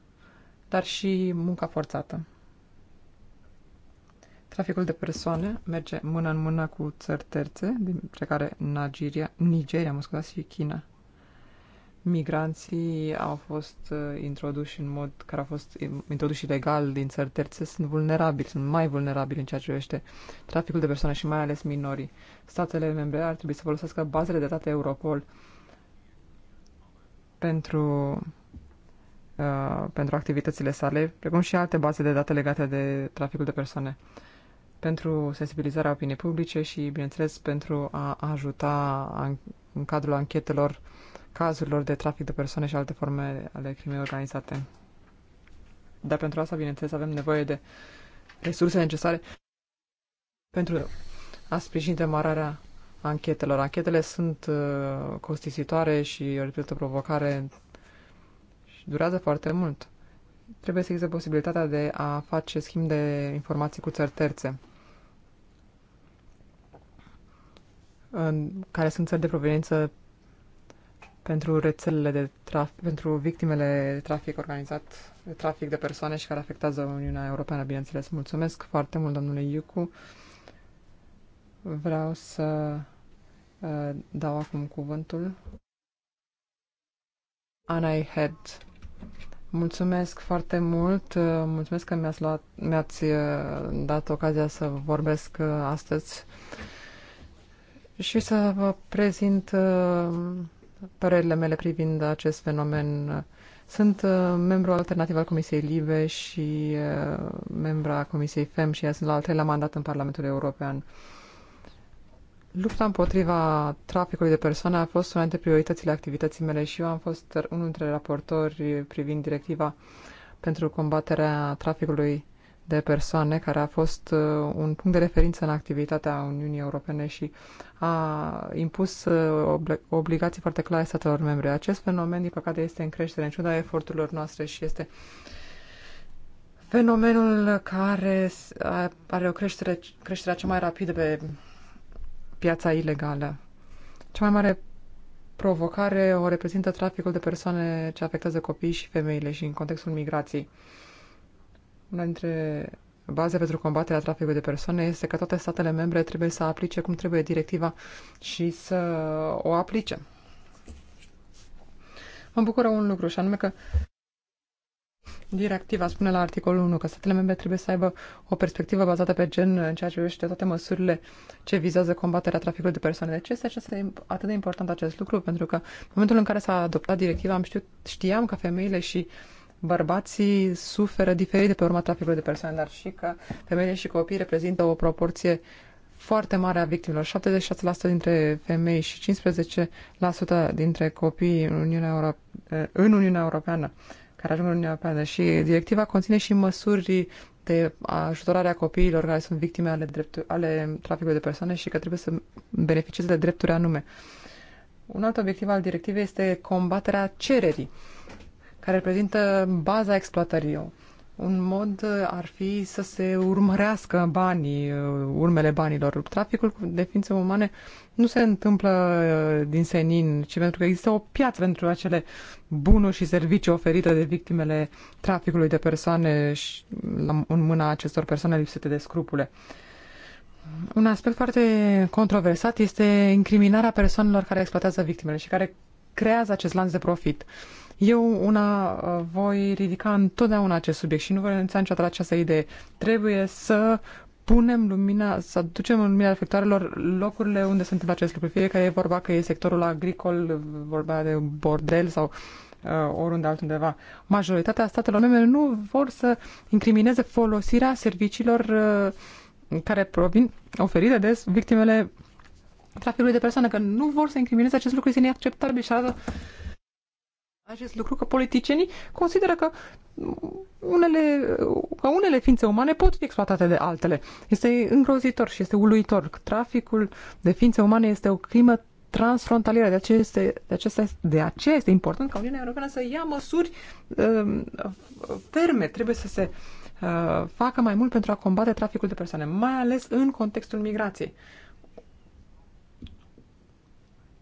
dar și munca forțată. Traficul de persoane merge mână în mână cu țări terțe, dintre care Nigeria, Nigeria mă scuzați, și China migranții au fost uh, introduși în mod care a fost introduși ilegal din țări terțe sunt vulnerabili, sunt mai vulnerabili în ceea ce privește traficul de persoane și mai ales minorii. Statele membre ar trebui să folosească bazele de date Europol pentru, uh, pentru activitățile sale, precum și alte baze de date legate de traficul de persoane pentru sensibilizarea opiniei publice și, bineînțeles, pentru a ajuta în cadrul anchetelor uh, cazurilor de trafic de persoane și alte forme ale crimei organizate. Dar pentru asta, bineînțeles, avem nevoie de resurse necesare pentru a sprijini demararea anchetelor. Anchetele sunt uh, costisitoare și repetă, provocare și durează foarte mult. Trebuie să existe posibilitatea de a face schimb de informații cu țări terțe. În, care sunt țări de proveniență pentru rețelele de trafic, pentru victimele de trafic organizat, de trafic de persoane și care afectează Uniunea Europeană, bineînțeles. Mulțumesc foarte mult, domnule Iucu. Vreau să uh, dau acum cuvântul. Ana Head. Mulțumesc foarte mult, uh, mulțumesc că mi-ați, luat, mi-ați uh, dat ocazia să vorbesc uh, astăzi și să vă prezint uh, părerile mele privind acest fenomen. Sunt uh, membru alternativ al Comisiei Libe și uh, membra Comisiei FEM și ea sunt la al treilea mandat în Parlamentul European. Lupta împotriva traficului de persoane a fost una dintre prioritățile activității mele și eu am fost unul dintre raportori privind directiva pentru combaterea traficului de persoane, care a fost uh, un punct de referință în activitatea Uniunii Europene și a impus uh, obligații foarte clare statelor membre. Acest fenomen, din păcate, este în creștere, în ciuda eforturilor noastre și este fenomenul care are o creștere, creșterea cea mai rapidă pe piața ilegală. Cea mai mare provocare o reprezintă traficul de persoane ce afectează copiii și femeile și în contextul migrației. Una dintre baze pentru combaterea traficului de persoane este că toate statele membre trebuie să aplice cum trebuie directiva și să o aplice. Mă bucură un lucru și anume că Directiva spune la articolul 1 că statele membre trebuie să aibă o perspectivă bazată pe gen în ceea ce privește toate măsurile ce vizează combaterea traficului de persoane. De ce este acest, atât de important acest lucru? Pentru că în momentul în care s-a adoptat directiva, am știut, știam că femeile și uh, bărbații suferă diferit de pe urma traficului de persoane, dar și că femeile și copiii reprezintă o proporție foarte mare a victimelor. 76% dintre femei și 15% dintre copii în Uniunea, Europe- în Uniunea Europeană care ajung în Uniunea Europeană și directiva conține și măsuri de ajutorare a copiilor care sunt victime ale, dreptu- ale traficului de persoane și că trebuie să beneficieze de drepturi anume. Un alt obiectiv al directivei este combaterea cererii. Uh, care reprezintă baza exploatării. Un mod uh, ar fi să se urmărească banii, uh, urmele banilor. Traficul de ființe umane nu se întâmplă uh, din senin, ci pentru că există o piață pentru acele bunuri și servicii oferite de victimele traficului de persoane și în mâna acestor persoane lipsite de scrupule. Un aspect foarte controversat este incriminarea persoanelor care exploatează victimele și care creează acest lanț de profit. Eu una uh, voi ridica întotdeauna acest subiect și nu voi renunța niciodată la această idee. Trebuie să punem lumina, să ducem în lumina reflectoarelor locurile unde se întâmplă acest lucru. Fie că e vorba că e sectorul agricol, vorba de bordel sau uh, oriunde altundeva. Majoritatea statelor membre nu vor să incrimineze folosirea serviciilor uh, care provin oferite de victimele traficului de persoane, că nu vor să incrimineze acest lucru, este neacceptabil și arată acest lucru că politicienii consideră că unele, că unele ființe umane pot fi exploatate de altele. Este îngrozitor și este uluitor. Traficul de ființe umane este o crimă transfrontalieră. De aceea este, de aceea este, de aceea este important ca Uniunea Europeană să ia măsuri uh, ferme. Trebuie să se uh, facă mai mult pentru a combate traficul de persoane, mai ales în contextul migrației. Uh,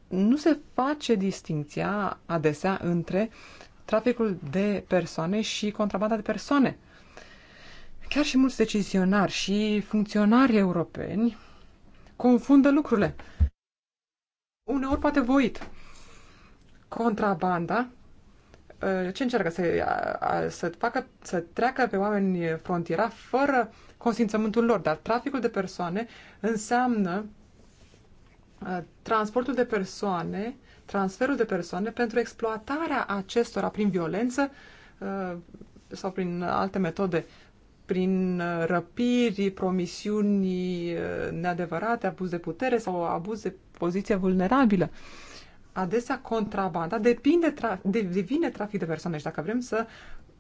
nu se face distinția adesea între traficul de persoane și contrabanda de persoane. Chiar și mulți decizionari și funcționari europeni confundă lucrurile. Uneori poate voit. Contrabanda uh, ce încearcă? Să, să, facă, să treacă pe oameni frontiera fără consimțământul lor. Dar traficul de persoane înseamnă Uh, transportul de persoane, transferul de persoane pentru exploatarea acestora prin violență uh, sau prin alte metode, prin uh, răpiri, promisiuni neadevărate, abuz de putere sau abuz de poziție vulnerabilă. Adesea contrabanda depinde tra- devine trafic de persoane și dacă vrem să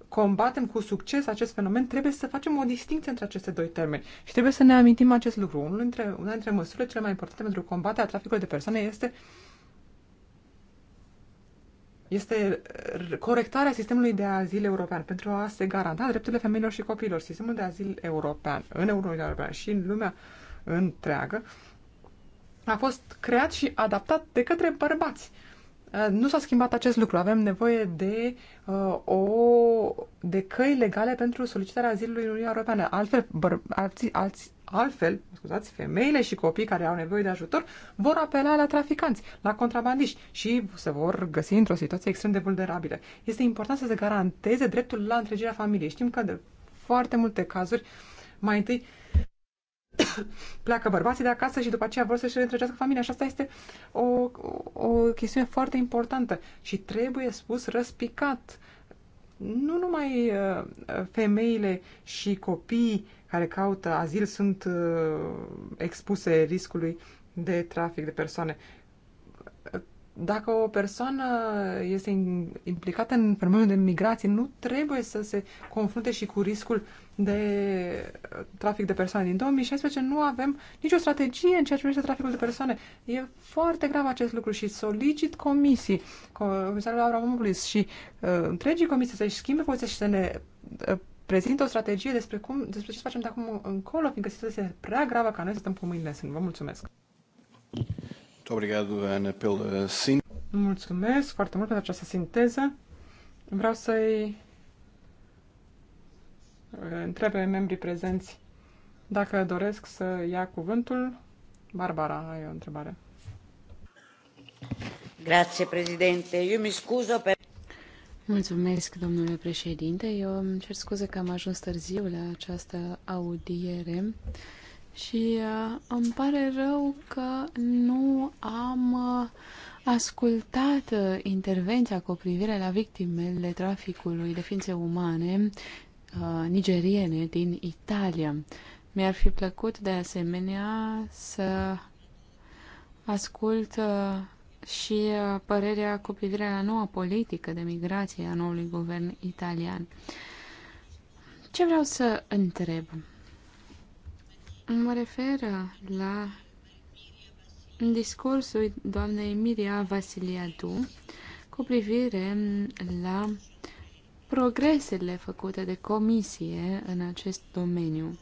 combatem cu succes acest fenomen, trebuie să facem o distinție între aceste doi termeni. Și trebuie să ne amintim acest lucru. Unul dintre, una dintre măsurile cele mai importante pentru combaterea traficului de persoane este este corectarea sistemului de azil european pentru a se garanta drepturile femeilor și copiilor. Sistemul de azil european în Uniunea Europeană și în lumea întreagă a fost creat și adaptat de către bărbați. Uh, Uh, nu s-a schimbat acest lucru. Avem nevoie de, uh, o, de căi legale pentru solicitarea azilului în Uniunea Europeană. Altfel, băr- alți, alți, altfel scuzați, femeile și copiii care au nevoie de ajutor vor apela la traficanți, la contrabandiști și se vor găsi într-o situație extrem de vulnerabilă. Este important să se garanteze dreptul la întregirea familiei. Știm că de foarte multe cazuri, mai întâi pleacă bărbații de acasă și după aceea vor să-și reîntregească familia. Și asta este o, o, o chestiune foarte importantă și trebuie spus răspicat. Nu numai uh, femeile și copiii care caută azil sunt uh, expuse riscului de trafic de persoane dacă o persoană este implicată în fenomenul de migrație, nu trebuie să se confrunte și cu riscul de uh, trafic de persoane. Din 2016 nu avem nicio strategie în ceea ce privește traficul de persoane. E foarte grav acest lucru și solicit comisii, comisarul Avramopoulos și uh, întregii comisii să-și schimbe poziția și să ne uh, prezintă o strategie despre, cum, despre ce facem de acum încolo, fiindcă situația este prea gravă ca noi să stăm cu mâinile Vă mulțumesc! Mulțumesc foarte mult pentru această sinteză. Vreau să-i uh, întreb pe membrii prezenți dacă doresc să ia cuvântul. Barbara, ai o întrebare. Grazie, președinte. Eu mi scuzo pe... Mulțumesc, domnule președinte. Eu îmi cer scuze că am ajuns târziu la această audiere. Uh, și uh, îmi pare rău că nu am uh, ascultat uh, intervenția cu privire la victimele traficului de ființe umane uh, nigeriene din Italia. Mi-ar fi plăcut de asemenea să ascult uh, și uh, părerea cu privire la noua politică de migrație a noului guvern italian. Ce vreau să întreb? Mă refer la discursul doamnei Miria Vasiliadu cu privire la progresele făcute de comisie în acest domeniu.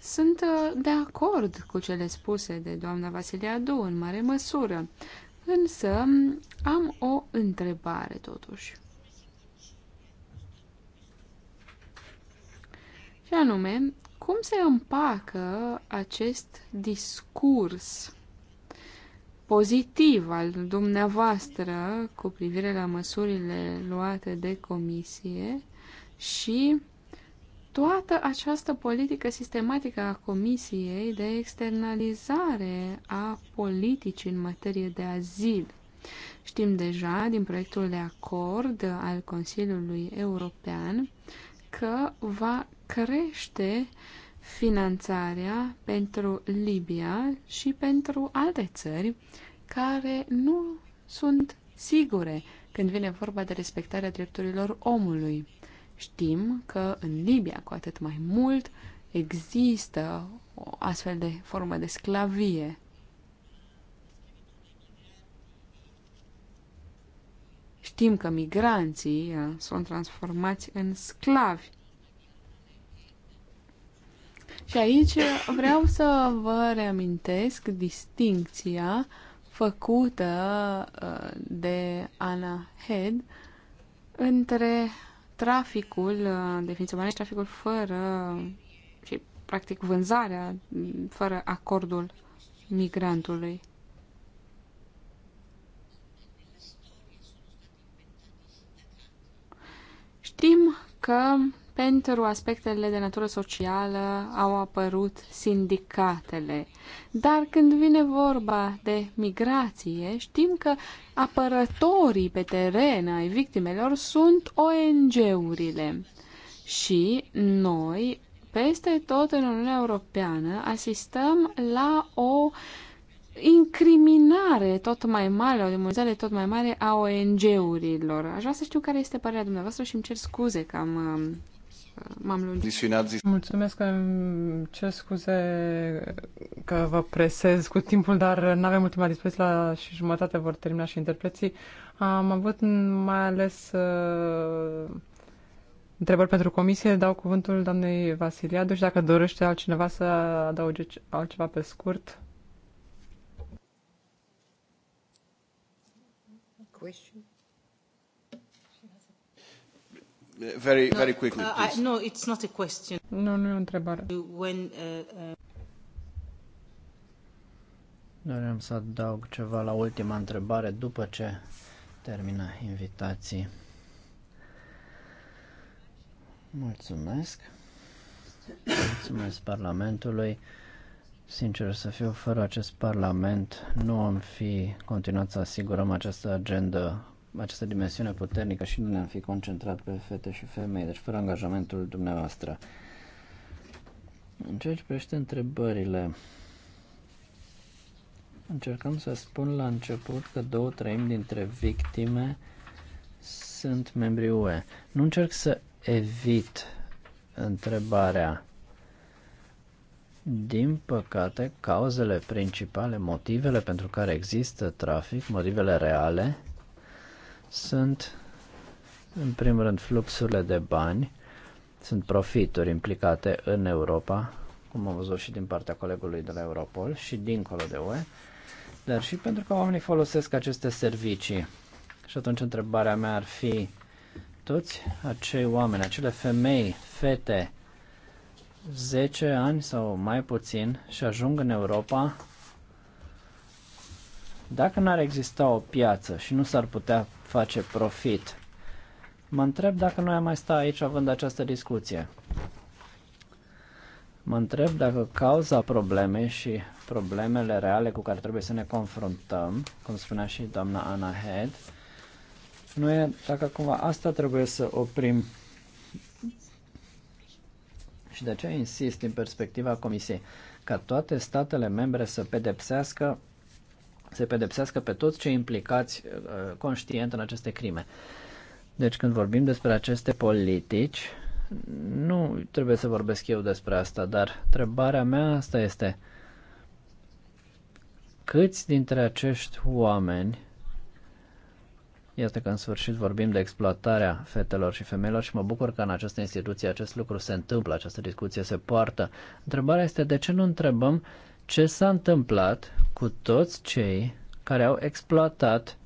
Sunt uh, de acord cu cele spuse de doamna Vasiliadu în mare măsură, însă am o întrebare totuși. Și anume, cum se împacă acest discurs pozitiv al dumneavoastră cu privire la măsurile luate de comisie și toată această politică sistematică a Comisiei de externalizare a politicii în materie de azil. Știm deja din proiectul de acord al Consiliului European că va crește finanțarea pentru Libia și pentru alte țări care nu sunt sigure când vine vorba de respectarea drepturilor omului. Știm că în Libia, cu atât mai mult, există o astfel de formă de sclavie. Știm că migranții uh, sunt transformați în sclavi. Și aici vreau să vă reamintesc distincția făcută uh, de Anna Head între traficul uh, de ființe traficul fără și practic vânzarea fără acordul migrantului. Știm că pentru aspectele de natură socială au apărut sindicatele. Dar când vine vorba de migrație, știm că apărătorii pe teren ai victimelor sunt ONG-urile. Și noi, peste tot în Uniunea Europeană, asistăm la o uh, incriminare tot mai mare, o demonizare tot mai mare a ONG-urilor. Aș vrea să știu care este părerea dumneavoastră și îmi cer scuze că am uh, m-am lungit. Mulțumesc că îmi cer scuze că vă presez cu timpul, dar nu avem ultima dispoziție la și jumătate vor termina și interpreții. Am avut mai ales uh, întrebări pentru comisie. Dau cuvântul doamnei Vasiliadu și dacă dorește altcineva să adauge altceva pe scurt. question? Very, no, very quickly, uh, please. I, no, it's not a question. No, no, întrebare. When, uh, uh... Doream să adaug ceva la ultima întrebare după ce termină invitații. Mulțumesc. Mulțumesc Parlamentului. Sincer să fiu, fără acest parlament nu am fi continuat să asigurăm această agendă, această dimensiune puternică și nu ne-am fi concentrat pe fete și femei, deci fără angajamentul dumneavoastră. În ceea ce privește întrebările, încercăm să spun la început că două treimi dintre victime sunt membri UE. Nu încerc să evit întrebarea din păcate, cauzele principale, motivele pentru care există trafic, motivele reale, sunt, în primul rând, fluxurile de bani, sunt profituri implicate în Europa, cum am văzut și din partea colegului de la Europol și dincolo de UE, dar și pentru că oamenii folosesc aceste servicii. Și atunci întrebarea mea ar fi, toți acei oameni, acele femei, fete, 10 ani sau mai puțin și ajung în Europa, dacă n-ar exista o piață și nu s-ar putea face profit, mă întreb dacă noi am mai sta aici având această discuție. Mă întreb dacă cauza problemei și problemele reale cu care trebuie să ne confruntăm, cum spunea și doamna Ana Head, nu e dacă cumva asta trebuie să oprim și de aceea insist din perspectiva Comisiei ca toate statele membre să pedepsească se pedepsească pe toți cei implicați uh, conștient în aceste crime. Deci când vorbim despre aceste politici, nu trebuie să vorbesc eu despre asta, dar întrebarea mea asta este câți dintre acești oameni este că în sfârșit vorbim de exploatarea fetelor și femeilor și mă bucur că în această instituție acest lucru se întâmplă, această discuție se poartă. Întrebarea este de ce nu întrebăm ce s-a întâmplat cu toți cei care au exploatat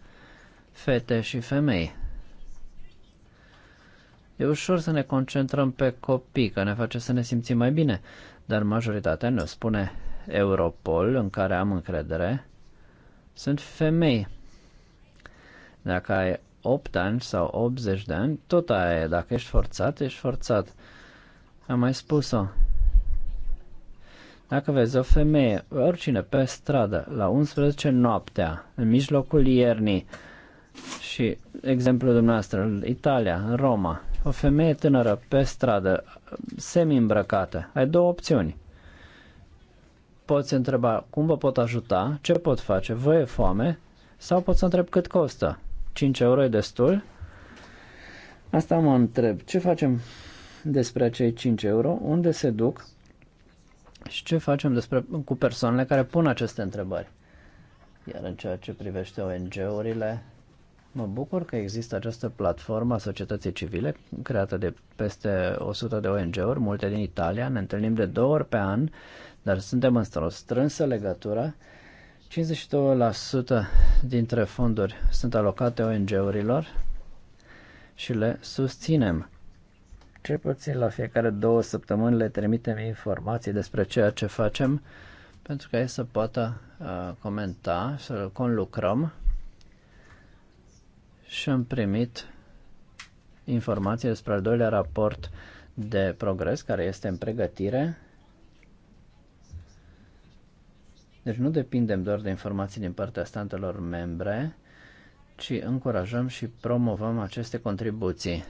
fete și femei. E ușor să ne concentrăm pe copii, că ne face să ne simțim mai bine, dar majoritatea ne spune Europol, în care am încredere, sunt femei dacă ai 8 ani sau 80 de ani, tot aia e. Dacă ești forțat, ești forțat. Am mai spus-o. Dacă vezi o femeie, oricine, pe stradă, la 11 noaptea, în mijlocul iernii, și exemplu dumneavoastră, Italia, Roma, o femeie tânără pe stradă, semi-îmbrăcată, ai două opțiuni. Poți întreba cum vă pot ajuta, ce pot face, vă e foame, sau poți să întreb cât costă. 5 euro e destul? Asta mă întreb. Ce facem despre acei 5 euro? Unde se duc? Și ce facem despre, cu persoanele care pun aceste întrebări? Iar în ceea ce privește ONG-urile, mă bucur că există această platformă a societății civile creată de peste 100 de ONG-uri, multe din Italia. Ne întâlnim de două ori pe an, dar suntem într-o strânsă legătură 52% dintre fonduri sunt alocate ONG-urilor și le susținem. Cel puțin la fiecare două săptămâni le trimitem informații despre ceea ce facem pentru ca ei să poată uh, comenta, să conlucrăm și am primit informații despre al doilea raport de progres care este în pregătire Deci nu depindem doar de informații din partea statelor membre, ci încurajăm și promovăm aceste contribuții.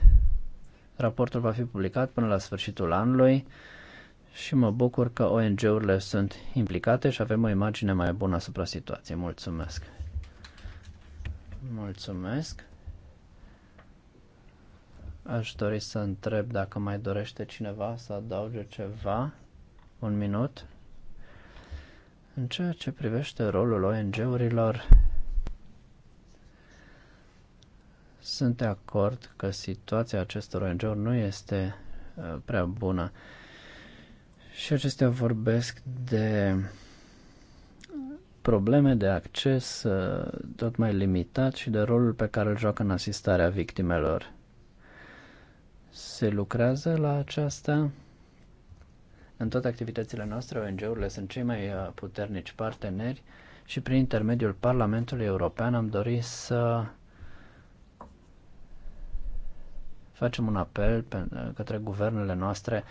Raportul va fi publicat până la sfârșitul anului și mă bucur că ONG-urile sunt implicate și avem o imagine mai bună asupra situației. Mulțumesc! Mulțumesc! Aș dori să întreb dacă mai dorește cineva să adauge ceva. Un minut. În ceea ce privește rolul ONG-urilor, sunt de acord că situația acestor ONG-uri nu este uh, prea bună. Și acestea vorbesc de probleme de acces uh, tot mai limitat și de rolul pe care îl joacă în asistarea victimelor. Se lucrează la aceasta în toate activitățile noastre, ONG-urile sunt cei mai uh, puternici parteneri și prin intermediul Parlamentului European am dorit să facem un apel uh, către guvernele noastre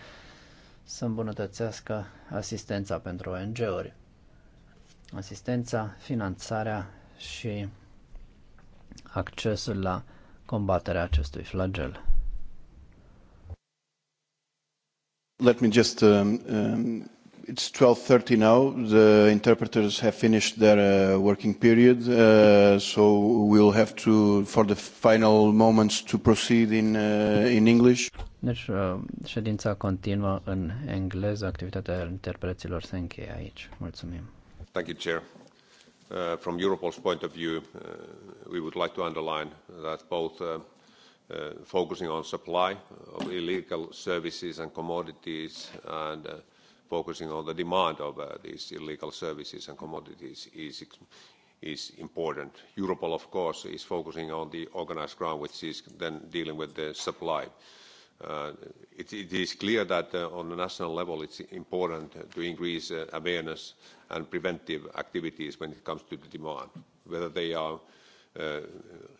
să îmbunătățească asistența pentru ONG-uri. Asistența, finanțarea și accesul la combaterea acestui flagel. Let me just, um, um, it's 12.30 now. The interpreters have finished their uh, working period, uh, so we'll have to, for the final moments, to proceed in, uh, in English. Deci, uh, ședința continuă în engleză. Activitatea interpreților se încheie aici. Mulțumim. Thank you, Chair. Uh, from Europol's point of view, uh, we would like to underline that both uh, uh, focusing on supply of illegal services and commodities and uh, focusing on the demand of uh, these illegal services and commodities is, is important. Europol, of course, is focusing on the organized crime, which is then dealing with the supply. Uh, it, it is clear that uh, on the national level it's important to increase uh, awareness and preventive activities when it comes to the demand, whether they are uh, uh,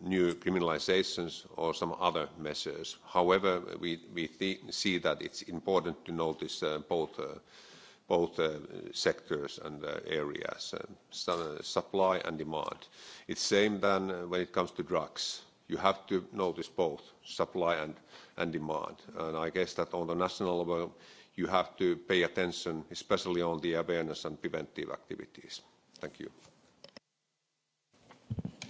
new criminalizations or some other measures. However, we, we th see that it's important to notice uh, both, uh, both uh, sectors and uh, areas, uh, supply and demand. It's same than uh, when it comes to drugs. You have to notice both supply and, and demand. And I guess that on the national level, you have to pay attention, especially on the awareness and preventive activities. Thank you.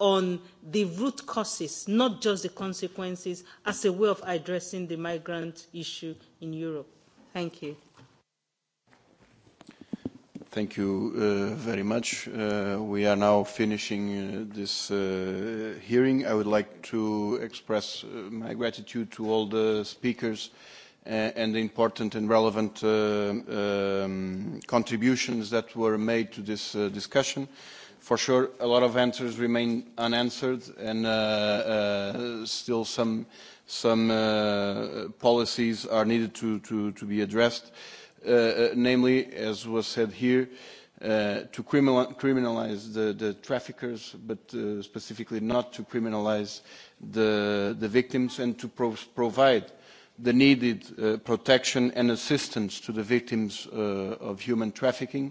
on the root causes, not just the consequences, as a way of addressing the migrant issue in Europe. Thank you. Thank you uh, very much. Uh, we are now finishing uh, this uh, hearing. I would like to express uh, my gratitude to all the speakers uh, and the important and relevant um, contributions that were made to this discussion for sure, a lot of answers remain unanswered, and uh, uh, still some some uh, policies are needed to to, to be addressed. Uh, uh, namely, as was said here, uh, to criminalize the, the traffickers, but specifically not to criminalize the the victims, and to pro provide the needed protection and assistance to the victims of human trafficking